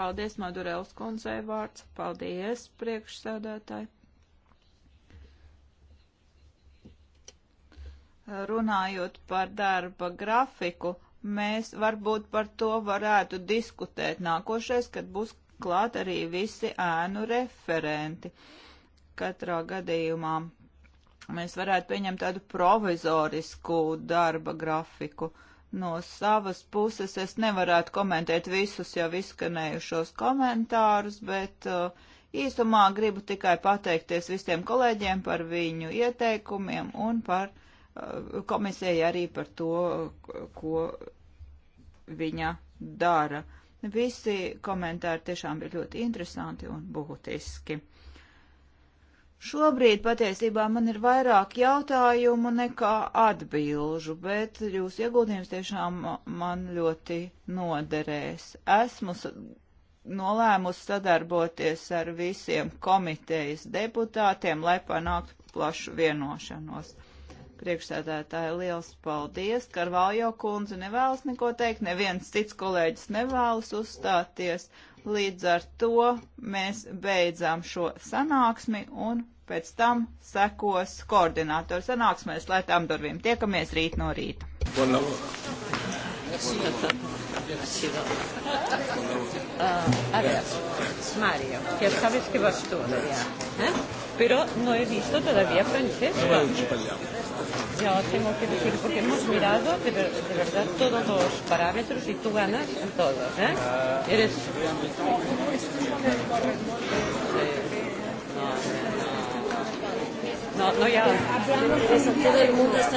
Speaker 3: Paldies, Madurels kundzei vārds. Paldies, priekšsēdētāji. Runājot par darba grafiku, mēs varbūt par to varētu diskutēt nākošais, kad būs klāt arī visi ēnu referenti. Katrā gadījumā mēs varētu pieņemt tādu provizorisku darba grafiku. Uh, no savas puses es nevarētu komentēt visus jau izskanējušos komentārus, bet uh, īsumā gribu tikai pateikties visiem kolēģiem par viņu ieteikumiem un par uh, komisēju arī par to, uh, ko viņa dara. Visi komentāri tiešām bija ļoti interesanti un būtiski. Šobrīd patiesībā man ir vairāk jautājumu nekā atbilžu, bet jūsu ieguldījums tiešām man ļoti noderēs. Esmu nolēmusi sadarboties ar visiem komitejas deputātiem, lai panāktu plašu vienošanos. Priekšsēdētāji, liels paldies, Karvaljo kundze nevēlas neko teikt, neviens cits kolēģis nevēlas uzstāties, Līdz ar to mēs beidzām šo sanāksmi un pēc tam sekos koordinātoru sanāksmēs lētām durvīm. Tiekamies rīt no rīta. Bon Uh, a ver,
Speaker 2: Mario, ya sabes
Speaker 3: que vas tú, María, ¿eh? pero no he visto todavía Francesca. Yo tengo que decir, porque hemos mirado de, ver, de verdad todos los parámetros y tú ganas en todos. ¿eh? Eres. Sí.
Speaker 1: No, no, no. No, no, ya. Eso, todo el mundo está